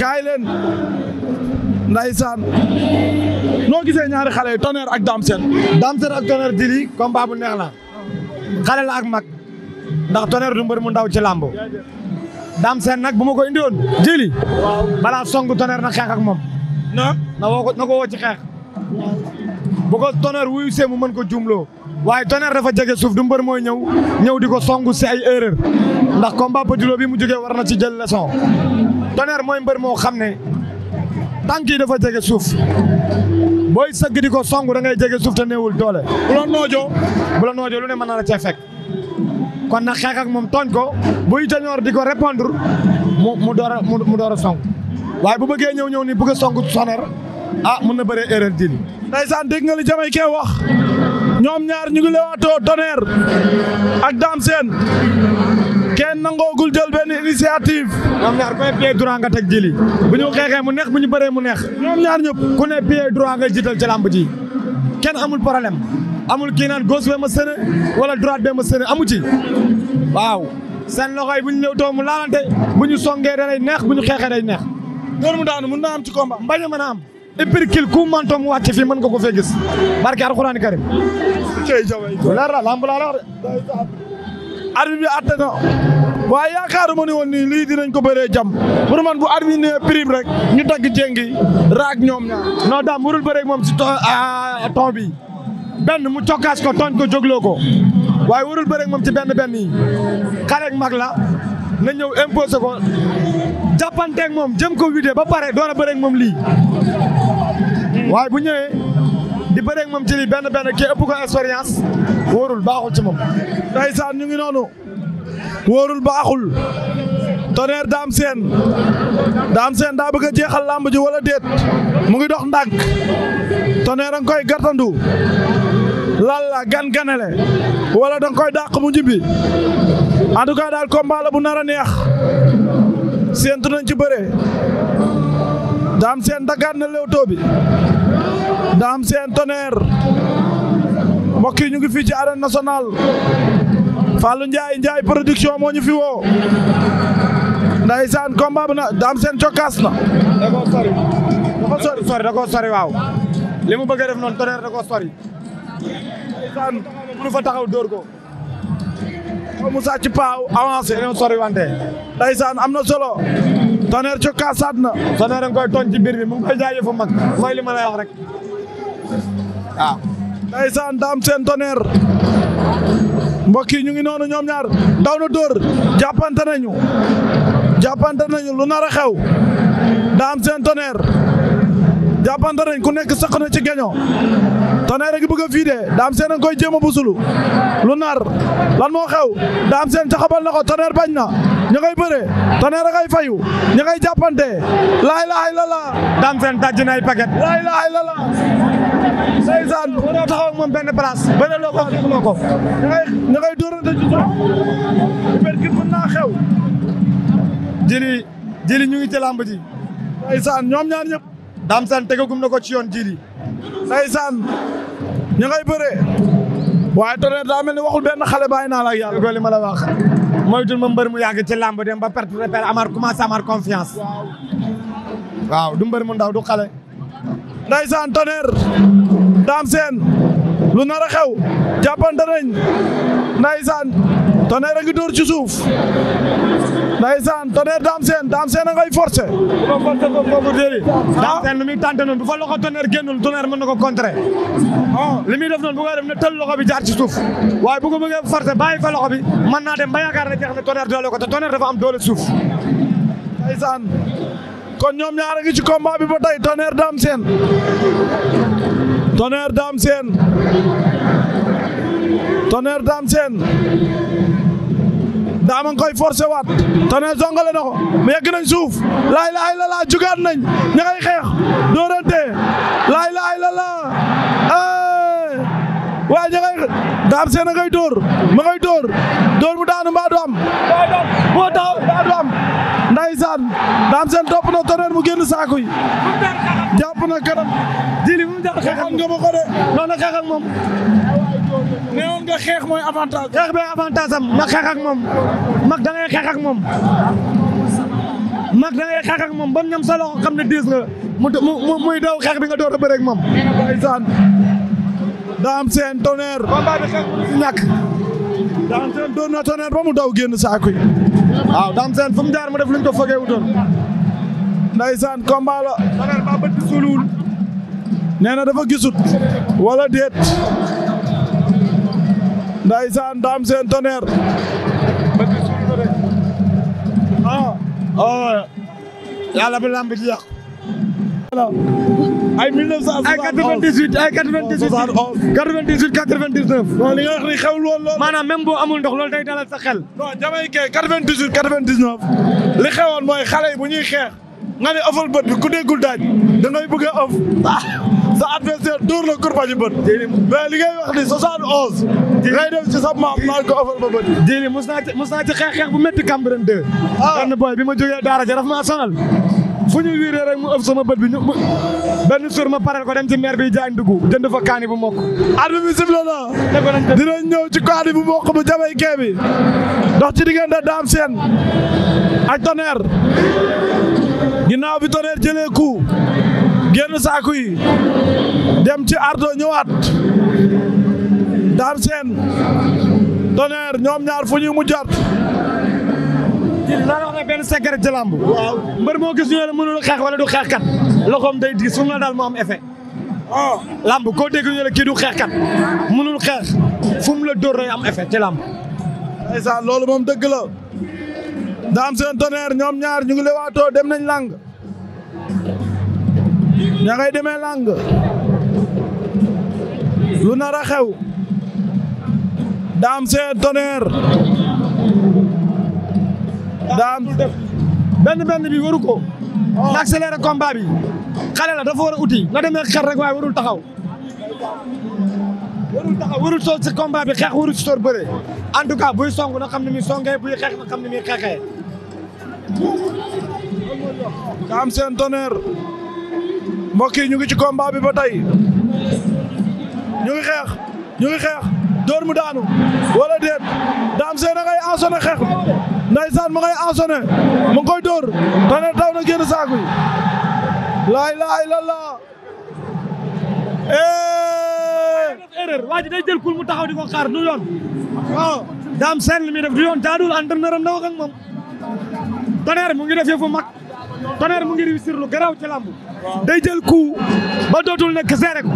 kaay leen noo gisee ñaari xale yi Tonnerre ak Dame Sène Dame ak Tonnerre Dili combat bu neex la xale la ak mag ndax Tonnerre du mbër mu ndaw ci làmb Dame nag bu ma ko indiwoon jëli balaa song Tonnerre na xeex ak moom na woo ko na ko woo ci xeex bu ko Tonnerre wuyu see mu mën ko juumloo waaye Tonnerre dafa jege suuf du mbër mooy ñëw ñëw di ko song si ay erreur ndax combat Petit Lo bi mu jógee war na ci jël leçon Tonnerre mooy mbër moo xam ne tànk yi dafa jeg suuf booy sëgg di ko songu da ngay jege suuf te néewul doole bu la noojoo bu la lu ne mën na la cee fekk kon nag xeex ak moom tooñ ko buy tañoor di ko répondre mu mu door a mu door a song waaye bu bëggee ñëw ñëw ni bëgg a song Soner a ah, mun na bëree erreur diin. ndeysaan dégg nga li jamay kee wax ñoom ñaar ñu ngi lewaatoo Tonnerre ak Dame Sène kenn nangoogul jël benn initiative. ñoom ñaar ku ne pied droit nga teg jili bu ñu xeexee mu nex bu ñu bëree mu neex. ñoom ñaar ñëpp ku ne pied droit nga jital ca làmb ji. kenn amul problème amul kii naan gauche bee ma sën wala droite bee ma sën amu ci waaw seen loxo yi bu ñu ñëw too mu laalante bu ñu songee day neex bu ñu xeexee day neex. dóor mu daanu mën naa am ci combat. mbañ a mën a am. épicule ku mu wàcc fii mën nga ko fee gis barke alxuraan karim. cey jaww ji leer na lamb laa la wax de. waaye yaakaaruma ne woon nii lii dinañ ko bëree jam pour man bu arbitre ne prime rek ñu dagg jéngi raak ñoom ñaar non daam warul bëree moom si ton ah, ah, bi benn mu cokkaas ko tooñ ko jógloo ko waaye warul bëree moom ci benn benn yi xale mag la na ñëw imposé ko jàppanteeg moom jëm ko vidé ba pare doon a bëreeg moom lii waaye bu ñëwee di bëreeg moom ci lii benn benn kii ëpp ko expérience wóorul baaxul ci moom. ndeysaan ñu ngi noonu. wóorul baaxul Tonnerre Dame Sène Dame seen daa bëgg a jeexal làmb ji wala déet mu ngi dox ndànk Tonnerre nga koy gartandu lan la gan ganale wala dan koy dàq mu njibbi en tout cas daal combat la bu nar a neex séentu nañ ci bëre Dame seen daggaat na léwtoo bi Dame Sène Tonnerre mbokk yi ñu ngi fii ci arène nationale Fallou Ndiaye Ndiaye production mooñu ñu fi woo ndaysaan combat bi na Dame Sène cokkaas na da sori dafa sori sori li mu bëgg a def noonu Tonnerre da koo sori ndaysaan mënu fa taxaw dóor ko mu sàcc paaw avancé dañoo sori wante ndaysaan am na solo Tonnerre cokkaasaat na Tonnerre nga koy ci biir bi mu ngi koy jaajëf fa li ma lay wax rek waaw ndaysaan Dame Sène Tonnerre mbokk yi ñu ngi noonu ñoom ñaar daw na dóor jàppante nañu jàppante nañu lu nar a xew Dame Sène Tonnerre jàppante nañ ku nekk sëq na ci geño Tonnerre gi i a fii de Dame koy jéem a busulu lu nar lan moo xew Dame Sène taxabal na ko Tonnerre bañ na ña ngay bëre Tonnerre ngay fayu ña ngay jàppante laay laay la la Dame Sène daj na ay paquet laay laay la la Ndeysaan waroo taxaw ak moom benn place bëre loo ko def loo ñu ngi ci ñoom ñaar ñëpp Dame Sane tegagum na ko ci yoon jiri ndeysaan ñu ngay bëre waaye Tonnerre daa mel ni waxul benn xale bàyyi naa la ak yàlla. déggoo li ma la wax moytul ma mbër mu yàgg ci làmb dem ba perte repère amar commencé amar confiance. waaw du mbër mu ndaw du xale. ndeysaan Tonnerre Dame lu nar a xew jàppante nañ ndeysaan Tonnerre a ngi dóor ci suuf. ndeysaan tonnerre Dame Sène Dame Sène a ngay forcé ko forcé ko boobu déri Dame Sène lu muy tànte bu fa loxo tonnerre génnul tonnerre mën na ko contrer o li muy def noonu bu koy def na tël loxo bi jaar ci suuf waaye bu ko bëggee forcé bàyyi fa loxo bi mën naa dem ba yaakaar ne jeex na tonnerre doole ko te tonnerre dafa am doole suuf ndeysaan kon ñoom ñaar a ngi ci combat bi ba tey tonnerre Dame Sène tonnerre Dame Sène tonnerre daa ma koy forcé waat Tonnerre zongale na mu yegg nañ suuf laay la laa jugaat nañ ña xeex dóorante laay laay la laa waaye ña ngay daam seen a ngay dóor ma ngay dóor dóor bu daanu mbaa du am boo taxaw mbaa du mu génn saako yi na kanam jili mu jàpp xeexal nga ma ko de noonu neewoon nga xeex mooy avantage. xeex bee avantage am ma xeex ak moom mag da ngay xeex ak moom mag da ngay xeex ak moom ba mu ñam sa loxo xam ne diis nga mu muy daw xeex bi nga door a bëre ak moom. ndeysaan daam seen tonnerre. combat daam seen door na tonnerre ba mu daw génn saako yi. waaw daam seen fu mu jaar mu def lu ñu ko fogee wutoon. ndeysaan combat la. tonnerre ba bët bi suuluwul. nee na dafa gisut. wala déet. Ndeysaan Dame Sène Tonnerre. ah. ah. yàlla bi lamb ji yàqu. ay 1971 ay 98 ay 98. 98 99. non li nga wax ni xewul woon loolu. maanaam même boo amul ndox loolu day dalal sa xel. non Jamaïcain 98 99. li xewoon mooy xale yi bu ñuy xeex. nga ne ëffal bët bi ku déggul daaj da ngay bëgg a ëff. sa adversaire dóor la kurba ji bët mais li ngay wax ni soixante onze ngay def ci sa maam naan ko offal ba bët yi jili mos naa ci bu metti Cambérène 2 ah. benn boy bi ma jógee daara ja daf maa sonal fu ñu wiiree rek mu ëpp sama bët bi ñu benn suur ma pareel ko dem ci maire bi jaañ dugg jënd fa kaani bu mokk arbi bi sifle na dinañ ñëw ci kaani bu mokk bu jamay kee dox ci diggante Dame Sène ak Tonnerre ginnaaw bi Tonnerre jëlee coup génn saaku yi dem ci ardo ñëwaat daam seen tonnerre ñoom ñaar fu ñu mujjaat laa ci lamb waaw moo gis ñu ne mënul xeex wala du xeexkat loxoom day diis fu mu la daal moo am effet oh. làmb koo dégg ñu ne kii du xeexkat mënul xeex fu mu la dóor day am effet ci làmb ndeysaan loolu moom dëgg la daam seen tonnerre ñoom ñaar ñu ngi waato dem nañ làng ña ngay demee làng lu nar a xew Dame Sène Tonnerre daam benn benn bi waru ko na oh. accéléré combat bi xale la dafa war a uti na demee xel rek waaye warul taxaw warul taxaw warul si combat bi xeex warul si soor bëre en tout cas buy song na xam ne mi songee buy xeex na xam ne muy xeexee Dame Sène Tonnerre mbokk yi ñu ngi ci combat bi ba tey ñu ngi xeex ñu ngi xeex door mu daanu wala déet daam seen a ngay asone xeex ndaysaan mu ngay asone mu ngi door tane taw na génn saaku yi laa ilaaha illallah eh! erreur waa ji day kul mu taxaw di ko xaar du daam seen li muy def du yoon jaadul entraîneur am na wax ak moom Tonnerre mu ngi def yëfu Tonnerre mu ngi réussir lu garaaw ci làmb day jël coup ba dootul nekk seere ko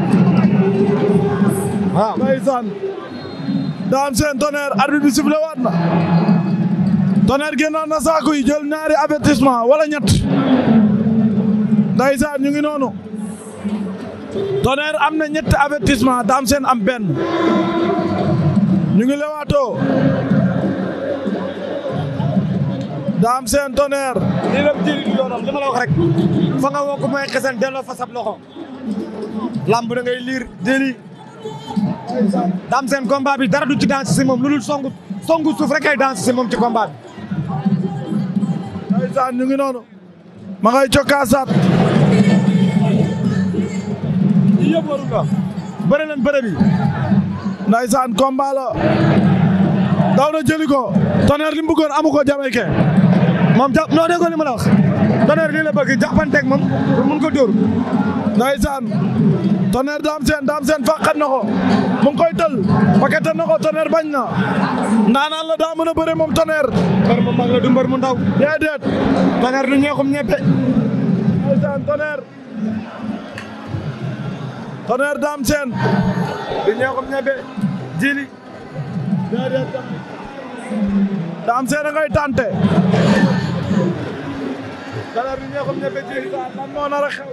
waaw ndeysaan Dame Sène Tonnerre arbitre bi waat na Tonnerre génnoon na saako yi jël ñaari avertissement wala ñett ndeysaan ñu ngi noonu Tonnerre am na ñetti avertissement Dame Sène am benn ñu ngi lewaatoo daam seen tonnerre. lii la jëriñ yoonam li ma la wax rek. fa nga wokk may delloo fa sab loxo. lamb da liir déli. daam seen combat bi dara du ci danse si moom lu dul songu songu suuf rek ay ci combat bi. ndeysaan ñu ngi noonu. ma ngay la. bëri leen bi. ndeysaan combat la. daw na ko tonnerre li mu bëggoon amu ko Jamaïcain moom jàpp noo déggoo li ma la wax tonnerre lii la moom pour mun ko dóor ndeysaan tonnerre daam seen daam seen fàqat na ko mu ngi koy tël paquet na ko tonnerre bañ na ndaanaan la daa mën a bëre moom tonnerre mbër mu mag la du mbër mu ndaw déedéet tonnerre du ñeexum ñeppe ndeysaan tonnerre tonnerre daam seen daam seen ngay tante galar bi ñoo xam ne bëccëg lan moo nar a xew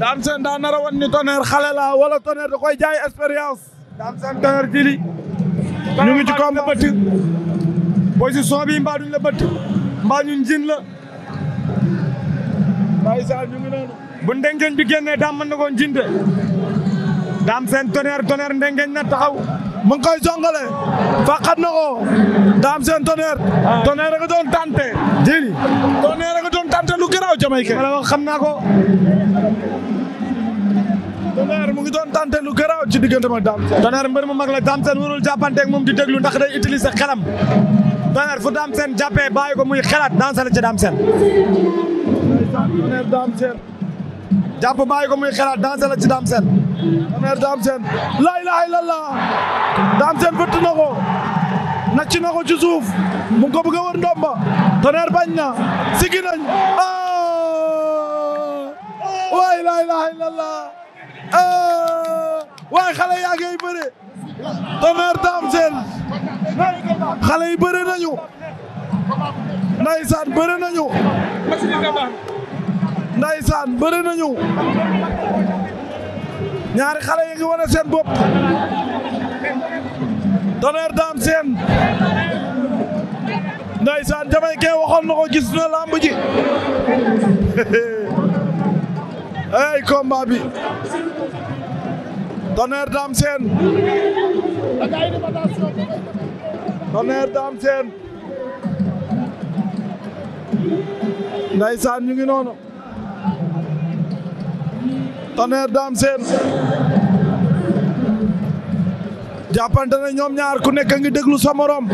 Dame Sène daa nar a wan ni Tonnerre xale la da koy jaay expérience Dame Sène Tonnerre jili ñu ngi ci kawam bëtt position bi mbaa duñ bëtt mbaa ñun jin la bu ndengeñ bi génnee daam mën na koon jinde Dame Sène Tonnerre Tonnerre ndengeñ na taxaw mu ngi koy jongale fàqat na ko daam seen tonnerre tonnerre nga doon tante jëli tonnerre nga doon tante lu garaaw jamayke wala wax xam naa ko tonnerre ngi doon tante lu garaaw ci diggante ma daam seen tonnerre mbër mu mag la daam seen warul jàppanteeg moom di déglu ndax day utiliser xelam tonnerre fu daam seen jàppee bàyyi ko muy xelaat dansale ci daam seen jàpp bàyyi ko muy xelaat dansé la ci Dame Sène damèr Dame Sène laa ilaha illallah Dame Sène na ko nacc na ko ci suuf mu ngi ko ndomba Tonnerre bañ na sigi nañ a ah! laa ilaha illallah ah! waay xale yaa ngay bëre Tonnerre Dame Sène xale yi bëre nañu ndeysaan bëre nañu ndaysaan bëri nañu ñaari xale yi ngi wane seen bop Tonnerre Dame Sène ndaysaan jamay kee waxoon na ko gis na lamb ji ay combat bi Tonnerre Dame Sène Tonnerre Dame Sène ndaysaan ñu ngi noonu Tonnerre Dame Sène jàppante ne ñoom ñaar ku nekk ngi déglu sa morom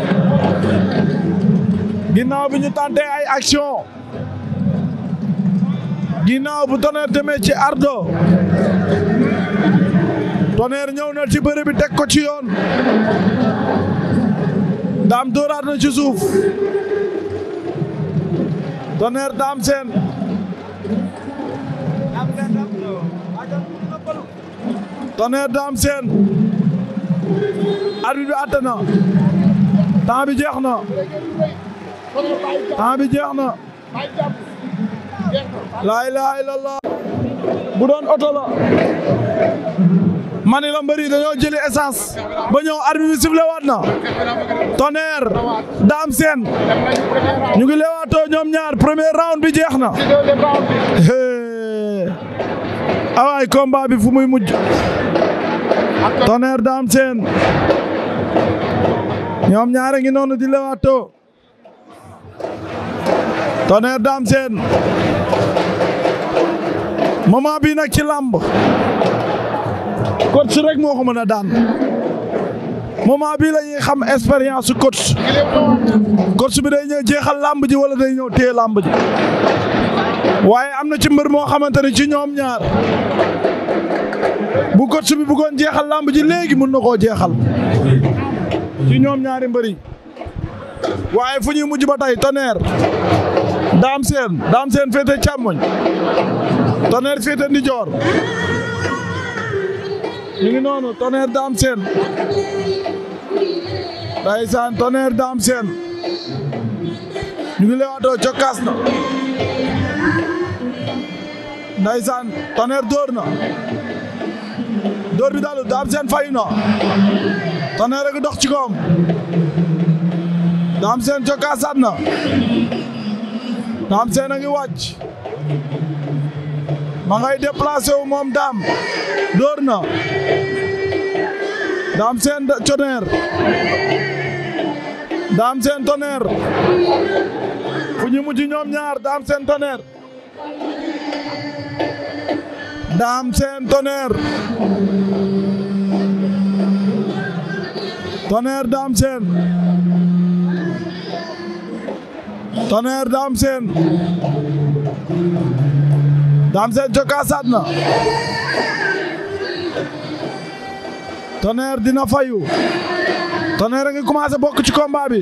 ginnaaw bi ñu tante ay action ginnaaw bu Tonnerre demee ci ardo Tonnerre ñëw na ci bëre bi teg ko ci yoon Dame dóoraat na ci suuf Tonnerre Dame Sène Tonnerre Dame Sène arbitre bi àtte na temps bi jeex na temps bi jeex na laa ilaaha illallah bu doon oto la mani la dañoo jëli essence ba ñëw arbitre bi sifflé waat na Tonnerre Dame ñu ngi leewaatoo ñoom ñaar premier round bi jeex na awaay combat bi fu muy mujj Tonnerre Dame Sène ñoom a ngi noonu di lewato Tonnerre Dame Sène moment bii nag ci làmb coach rek moo ko mën a daan moment bii la ñuy xam expérience su coach bi day ñëw jeexal làmb ji wala day ñëw téye làmb ji waaye am na ci mbër moo xamante ne ci ñoom ñaar bu coach bi bëggoon jeexal làmb ji léegi mën na koo jeexal ci ñoom ñaari mbëri waaye fu ñuy mujj ba tey Tonnerre Dame Sène Dame Sène féete càmmoñ Tonnerre féete ndijoor ñu ngi noonu Tonnerre Dame Sène ndaysaan Tonnerre Dame Sène ñu ngi leewaatoo cokkaas na ndeysaan Tonnerre dóor na dóor bi dalu Dame Sène fayu na Tonnerre gi dox ci koom Dame Sène cokkaasaat na Dame Sène a ngi wàcc ma ngay déplacé wu moom Dame dóor na Dame Sène Tonnerre Dame Sène Tonnerre fu ñu mujj ñoom ñaar Dame Sène Tonnerre Dame Sène Tonnerre Tonnerre Dame Sène Tonnerre Dame Sène Dame Sène jokaasaat dina fayu Tonnerre a ngi commencé bokk ci combat bi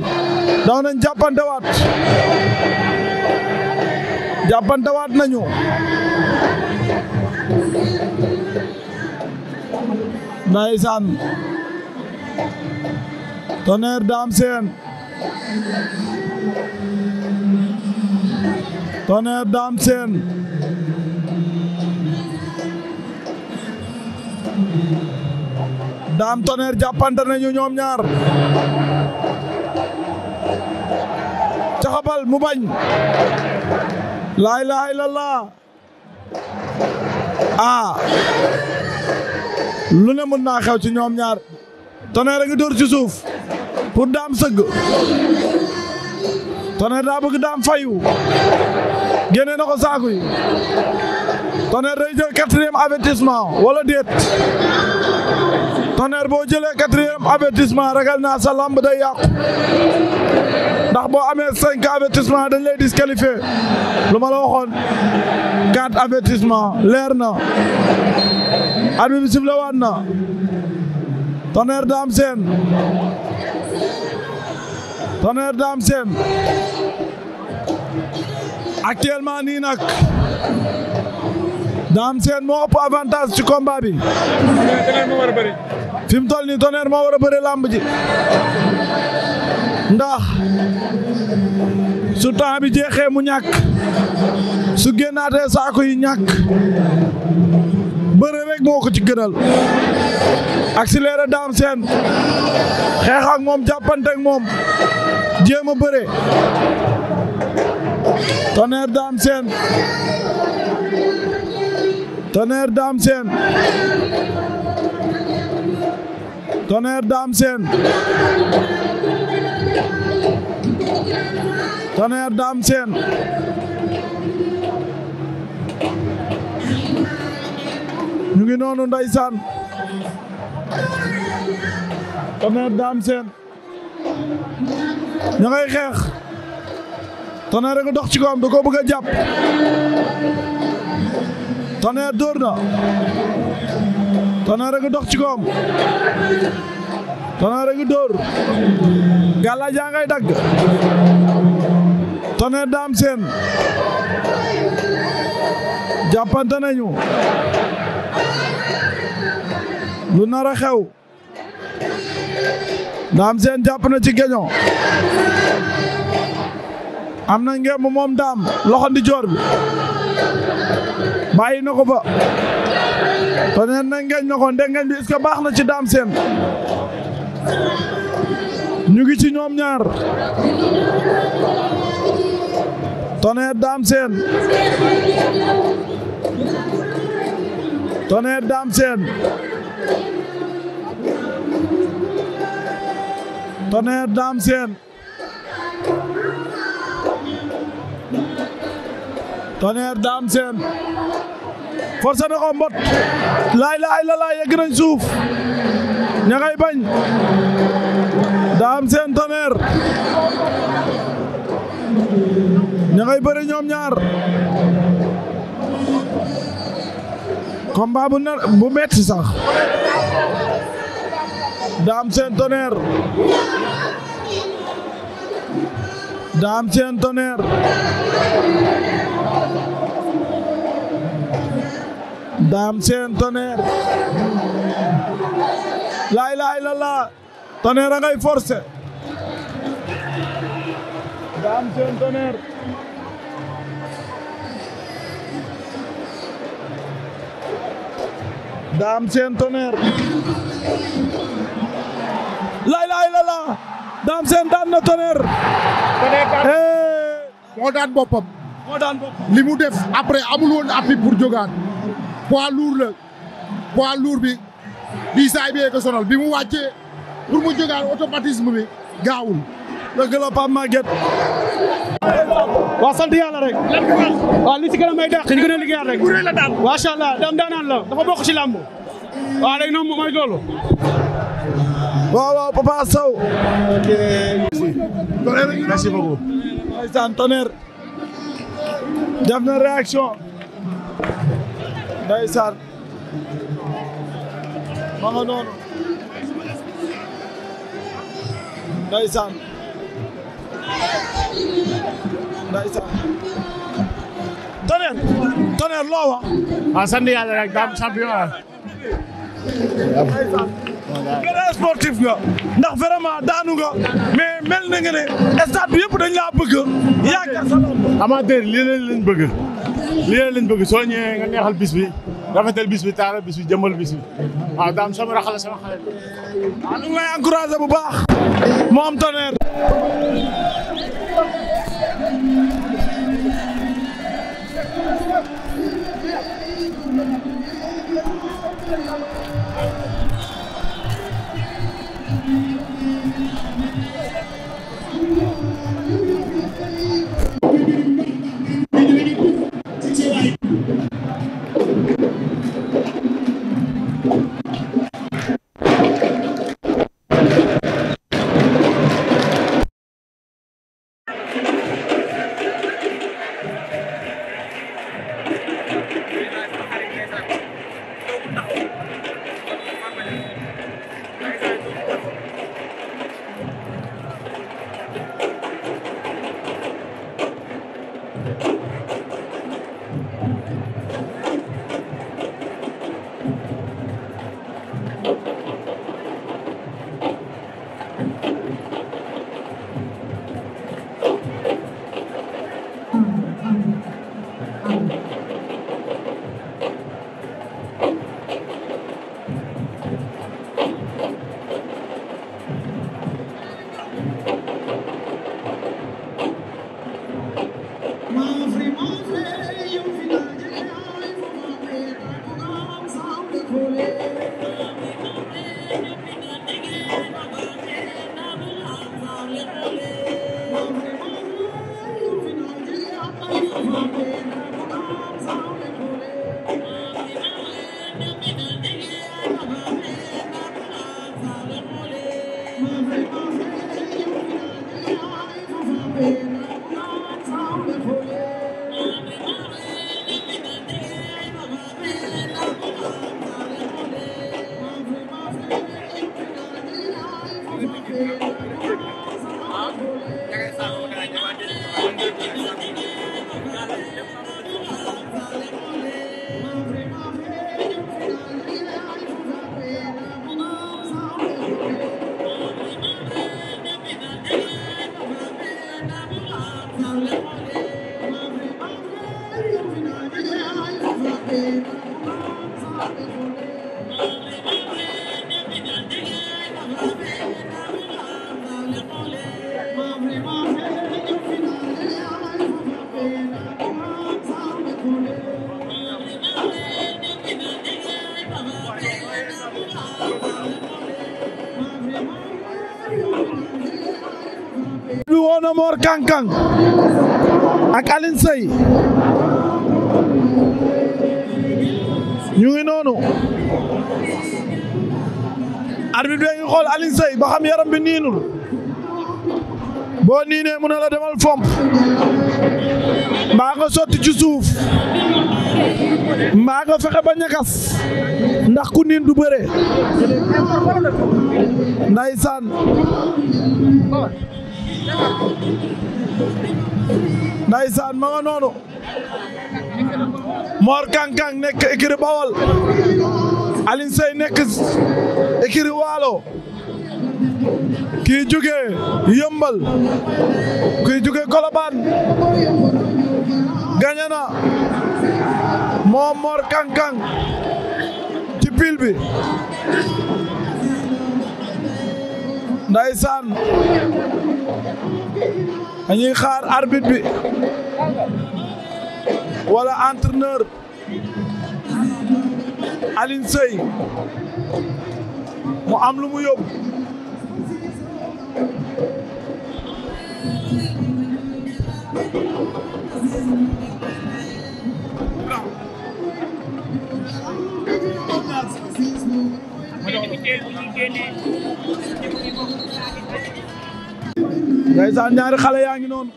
daw nañ jàppantewaat jàppantewaat nañu ndaysaan Tonnerre Dame Sène Tonnerre Dame Sène Dame Tonnerre jàppante nañu ñoom ñaar caxabal mu bañ laa ilaaha illallah ah lu ne mën naa xew ci ñoom ñaar Tonnerre a ngi dóor ci suuf pour Dame sëgg Tonnerre daa bëgg Dame fayu génne na ko saaku yi Tonnerre day jël quatrième avertissement wala déet Tonnerre boo jëlee quatrième avertissement ragal naa sa lamb day yàqu ndax boo amee cinq avertissement dañ lay disqualifié lu ma la waxoon quatre avertissement leer na arbitre bi sifflé waat na Tonnerre Dame Sène Tonnerre Dame Sène actuellement nii nag Dame Sène moo ëpp avantage ci combat bi fi mu toll nii Tonnerre moo war a bëri làmb ji ndax su temps bi mu ñàkk su génnaatee saako yi ñàkk bëre rek moo ko ci gënal accéléré daam seen xeex moom jàppante ak moom jéem a bëre tonnerre daam seen tonnerre daam seen tonnerre daam seen Tonnerre Dame Sène ñu ngi noonu ndeysaan Tonnerre Dame Sène ña ngay xeex Tonnerre nga dox ci kawam da koo bëgg a jàpp Tonnerre dóor na Tonnerre nga dox ci kawam Tonnerre a ngi dóor gala jaa ngay dagg Tonnerre Dame Sène jàppante nañu lu nar a xew Dame seen jàpp na ci geño am na ngemb moom daam loxo ndi joor bi bàyyi na ko ba Tonnerre na ngeñ na ko ndengeñ bi est baax na ci daam seen ñu ngi ci ñoom ñaar Tonnerre Dame Sène Tonnerre Dame Sène Tonnerre Dame Sène Tonnerre Dame Sène forcé na ko laay laay la laay yegg nañ suuf ñagay ngay bañ Dame Sène Tonnerre ña ñoom ñaar combat bu nar bu metti sax Dame Sène Tonnerre Dame Sène Tonnerre Dame Sène lay lay illallah Tonnerre a ngay forcé Dame seen Tonnerre Dame Sène Tonnerre laa ilaaha illallah Dame Sène daan na Tonnerre moo daan boppam moo daan boppam li mu def après amul woon appui pour jógaat poids lourd la poids lourd bi bii saay bi ko sonal bi mu wàccee pour mu jógaan automatisme bi gaawul. dëgg la Pape Maguette. waa sant yàlla rek. waaw li ci gën a may dàq. te allah dafa bokk ci làmb. waaw léegi noonu mooy loolu. waaw waaw Papa Sow. ma nga noonu ndeysaan ndeysaan Tonnerre Tonnerre loo wax waaw sant yàlla rek sportif nga ndax vraiment daanu nga mais mel na nga ne stade bi yëpp dañ laa bëgg yaakaar sa amateur lii lañ leen bëgg li leen lañ bëgg soo ñëwee nga neexal bis bi rafetal bis bi taaral bis bi jëmbal bis bi waaw daam sama raxala sama xale waaw ñu ngi lay bu baax moo am Momor Kankang ak Alioune Seye ñu ngi noonu arbitre bi ngi xool Alioune Seye ba xam yaram bi niinul boo niinee mu na la demal fomp mbaa sotti ci suuf mbaa nga fexe ba ñakas ndax ku niin du bëre ndeysaan Ndaysaan ma nga noonu Mor Kang Kang nekk écurie Bawol Alioune nekk écurie Waalo kii jugee Yëmbal kii jugee Kolobaan gañe na moom Mor Kang Kang ci pile bi ndeysaan dañuy xaar arbitre bi wala entraîneur Alioune Seye mu am lu ndeysaan ñaari xale yaa ngi noonu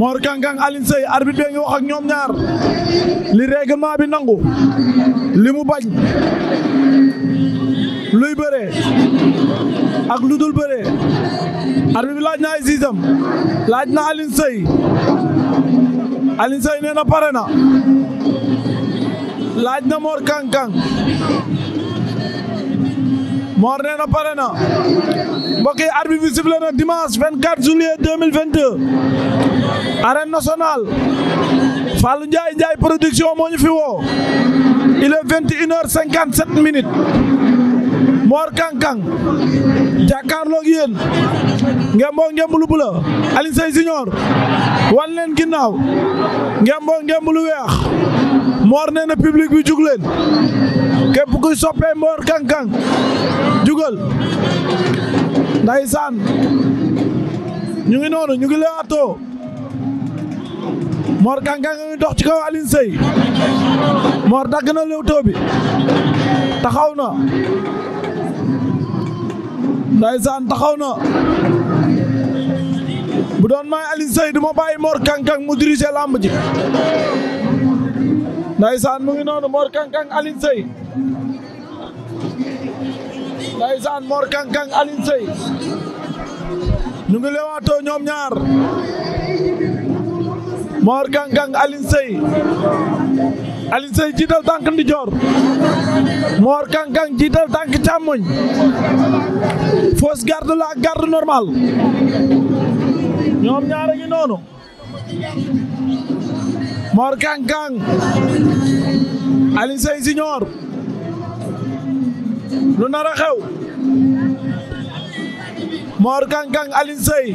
Mor Kang Kang Alioune ñoom ñaar li règlement bi nangu li mu bañ luy bëree ak lu dul bëree arbitre bi laaj naa ay siisam laaj na Alioune Seye Alioune na pare na laaj na Mor Kang Kang Mor na pare na mbokk yi arbitre bi sifflé na dimanche 24 juillet 2022 arène nationale Fallou Ndiaye Ndiaye production ñu fi woo il est 21 heures 57 minutes Mor Kang bula Alioune Seye Junior leen ginnaaw ngemboo ngemb weex Mor nee na public bi jug leen képp kuy soppee Mor Kang Kang jugal ndaysaan ñu ngi noonu ñu ngi leewaatoo Mor Kang Kang ngi dox ci kaw Alioune Seye Mor dagg na lewtoo bi taxaw na ndaysaan taxaw na bu doon may Alioune Seye du ma bàyyi Mor Kang Kang mu diriger lamb ji Ndaysaan mu ngi noonu Mor Kang Kang Alioune Seye Ndaysaan Mor Kang ngi lewaatoo ñoom ñaar Mor Kang Kang Alioune Seye Alioune Seye jiital tànk ndijoor Mor Kang Kang jiital tànk càmmoñ garde la garde normale ñoom ñaar a noonu Mor Kang Kang Alioune lu nar a xew Mor Kang Kang Alioune Seye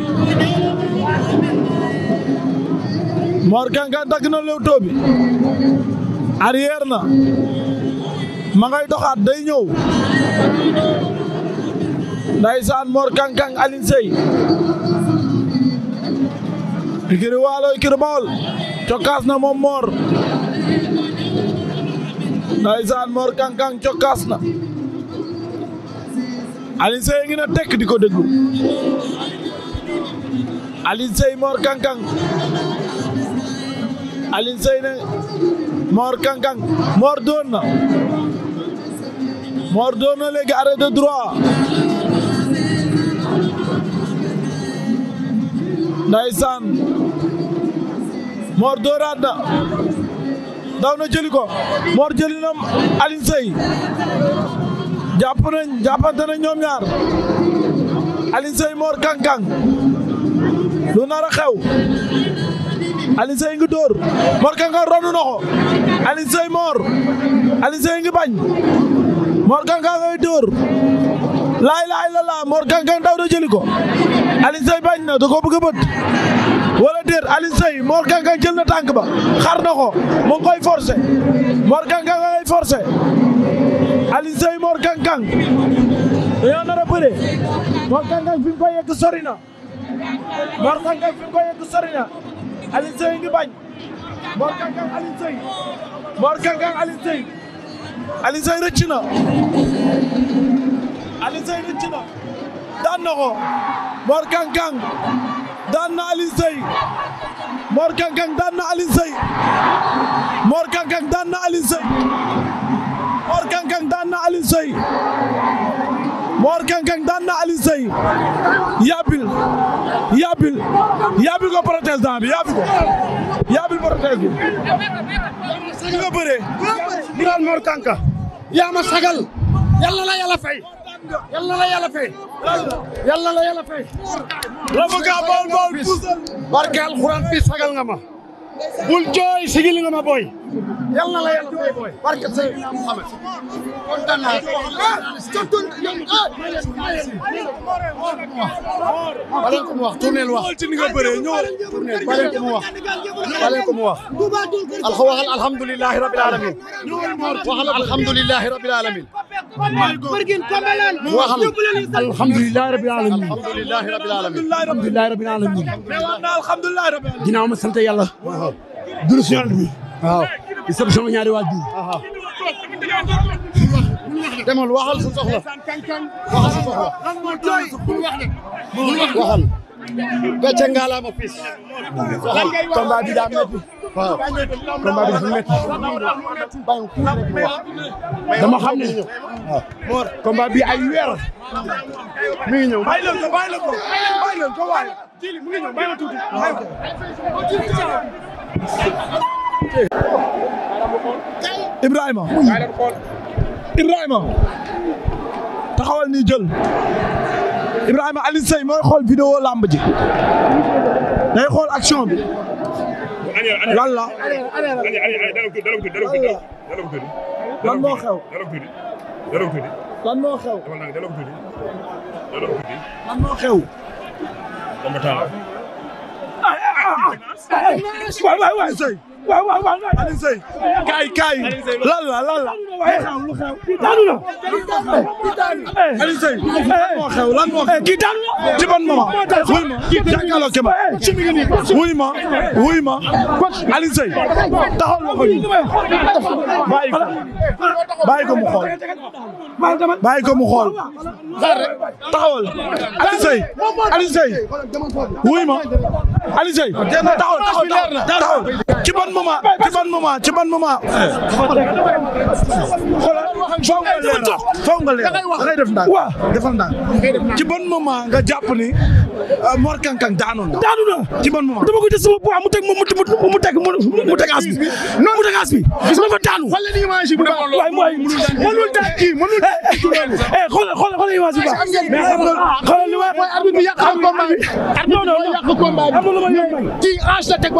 Mor na lewtoo bi na ma ngay doxaat day ñëw ndaysaan Mor Kang Kang Alioune Seye ikiri cokkaas na moom Mor ndaysaan Mor Kang Kang cokkaas na Alioune Seye ngi na tekk di ko déglu Alioune Seye Mor Kang Kang Alioune Seye ne Mor na Mor doon na léegi arrêt de droit ndaysaan Mor dóoraat daw na jëli ko Mor jëli na Alioune sëy jàpp nañ jàppante nañ ñoom ñaar Alioune Seye Mor kang lu nar a xew Alioune Seye dóor Mor kang-kang ronu na ko Alioune Seye Mor Alioune bañ Mor kang-kang ngay dóor laay la laa Mor daw na jëli ko Alioune bañ na da wala déet Alioune Seye Mor Ganga jël na tànk ba xar na ko mu ngi koy forcé Mor Ganga nga koy forcé Alioune Seye Mor Ganga dañoo nar a bëre Mor Ganga fi mu koy yegg sori na ngi bañ Mor Ganga Alioune Seye Mor Ganga Alioune Seye Alioune Seye daan na ko Mor Kang Kang daan na Alioune Seye Mor Kang Kang daan na Alioune Seye Mor Kang Kang daan na Mor Kang Kang daan na yaabil yaabil yaabil ko protestant yaabil ko yaabil protestant bi ni nga Mor Kang Kang yaa ma sagal yàlla la yàlla fay yal na la yàlla fay. yal na la a bool sagal nga ma. bul jooy sigil nga ma booy. yal na la yàlla fay booy barke sëñ bi Muhammad kontaan naa surtout yow ah ba leen ko mu wax tournel wax tournel ba leen ko mu wax ba leen ko mu wax alxa waxal alhamdulilahi rabil alamin waxal alhamdulilahi rabil alamin waxal alhamdulilahi rabil alamin alhamdulilahi rabil alamin alhamdulilahi rabil alamin ginnaaw ma sant yàlla dul si yàlla bi waaw di sëb sama ñaari waajur. demal waxal sa soxla. waxal sa waxal. gàcce waxal combat bi daa métti. waaw combat bi dafa métti. dama xam ne. waaw combat bi ay weer. Ibrahima Ibrahima taxawal nii jël Ibrahima Alioune Seye mooy xool vidéo lamb ji day xool action bi lan la lan moo xew lan moo xew lan moo xew waay waay waay Seye waaw waaw waaw Alioune Seye kaay kaay lan la lan la lu xew daanu na Alioune Seye moo xew lan moo xew kii daanu na ci ban moment wuy ma jàkkaarloo ki ma wuy ma wuy ma Alioune Seye taxaw na ko nii bàyyi ko bàyyi ko mu xool bàyyi ko mu xool taxawal Alioune Seye Alioune Seye wuy ma Alioune Seye taxawal taxawal taxawal ci ban moment ci ban moment ci ban moment. xoolal foog nga leeral foog nga leeral da ngay def ndànk waaw defal ndànk ci ban moment nga jàpp ni euh, Mor Kang Kang daanu na. daanu na ci ban moment. dama ko jël sama poids mu teg moom ma yëg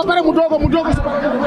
a mu doog a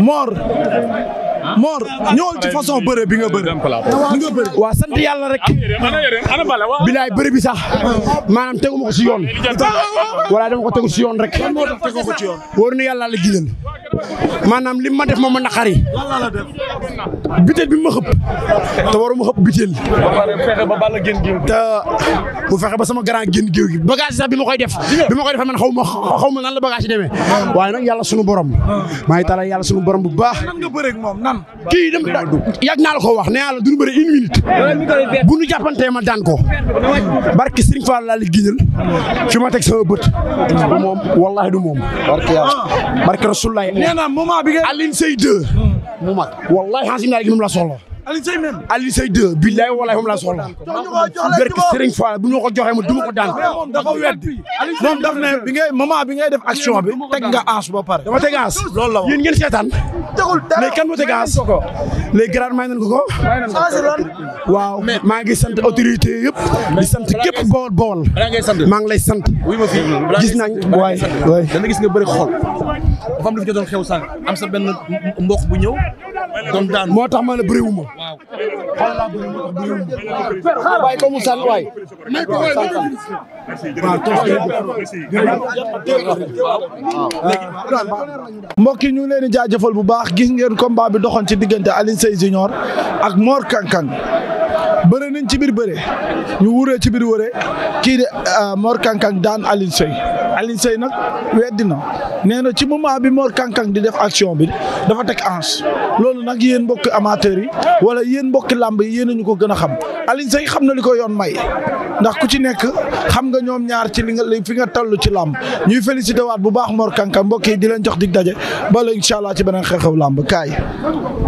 Mor Mor ñëwal ci façon bëre bi nga bëre. waaw sant yàlla rek. bilaay bëre bi sax maanaam tegu ma ko si yoon. wala dama ko tegu yoon rek. wóor na yàlla la gileel. maanaam li ma def ma ma naqari. biteel bi ma xëpp. te waruma xëpp biteel. te bu fexe ba sama grand génn géew gi bagage sax bi ma koy def. bi ma koy def man xaw ma xaw ma nan la bagage yi demee. Ah. waaye yàlla sunu borom. maa ngi talal yàlla sunu borom bu baax. nan nga bëreeg moom nan. kii dem naa la ko wax ne naa la du ñu bëri une minute. bu nu jàppantee ma daan ko. barke Serigne Fall laa la giñal fi ma teg sama bët. du moom wallaahi du moom. barke yàlla barke Rasulullah. nee naa moment bi nga. Alioune Seye 2. Hmm. mu mag wallaahi la soxla. Alioune Seye même. Alioune Seye 2 billaay walaay moom laa soxla. bu ñu ko joxe ma duma ko daan. moom dafa weddi moom daf ne bi ngay bi ngay def action bi teg nga ans ba pare. dama teg ans loolu la yéen ngeen seetaan. mais kan moo teg ans les grands may nañ ko ko. waaw maa ngi sant autorité yëpp. di sant képp bool bool. maa ngi lay sant. gis nañ waay waay. dana gis nga bëri xol. dafa am lu fi doon xew sànq am sa benn mbokk bu ñëw. daan moo tax ma la bëriwuma. xalaat bu ñu bu ñu yi ñu leen di jaajëfal bu baax gis ngeen combat bi doxoon ci diggante Alioune Seye Junior ak moor Kankang bëre nañ ci biir bëre ñu wuree ci biir kii de euh, Mor Kankang daan Alioune Seye Alioune Seye nag weddi na nee ci moment bi Mor Kankang di def action bi dafa teg ange loolu nag yéen mbokk amateurs yi. wala yéen mbokki làmb yi yéen a ñu ko gën a xam Alioune Seye xam na li ko yoon may ndax ku ci nekk xam nga ñoom ñaar ci li nga fi nga toll ci làmb ñuy félicité waat bu baax moor Kanka mbokk yi di leen jox dig daje bala incha allah ci beneen xew-xew làmb kaay.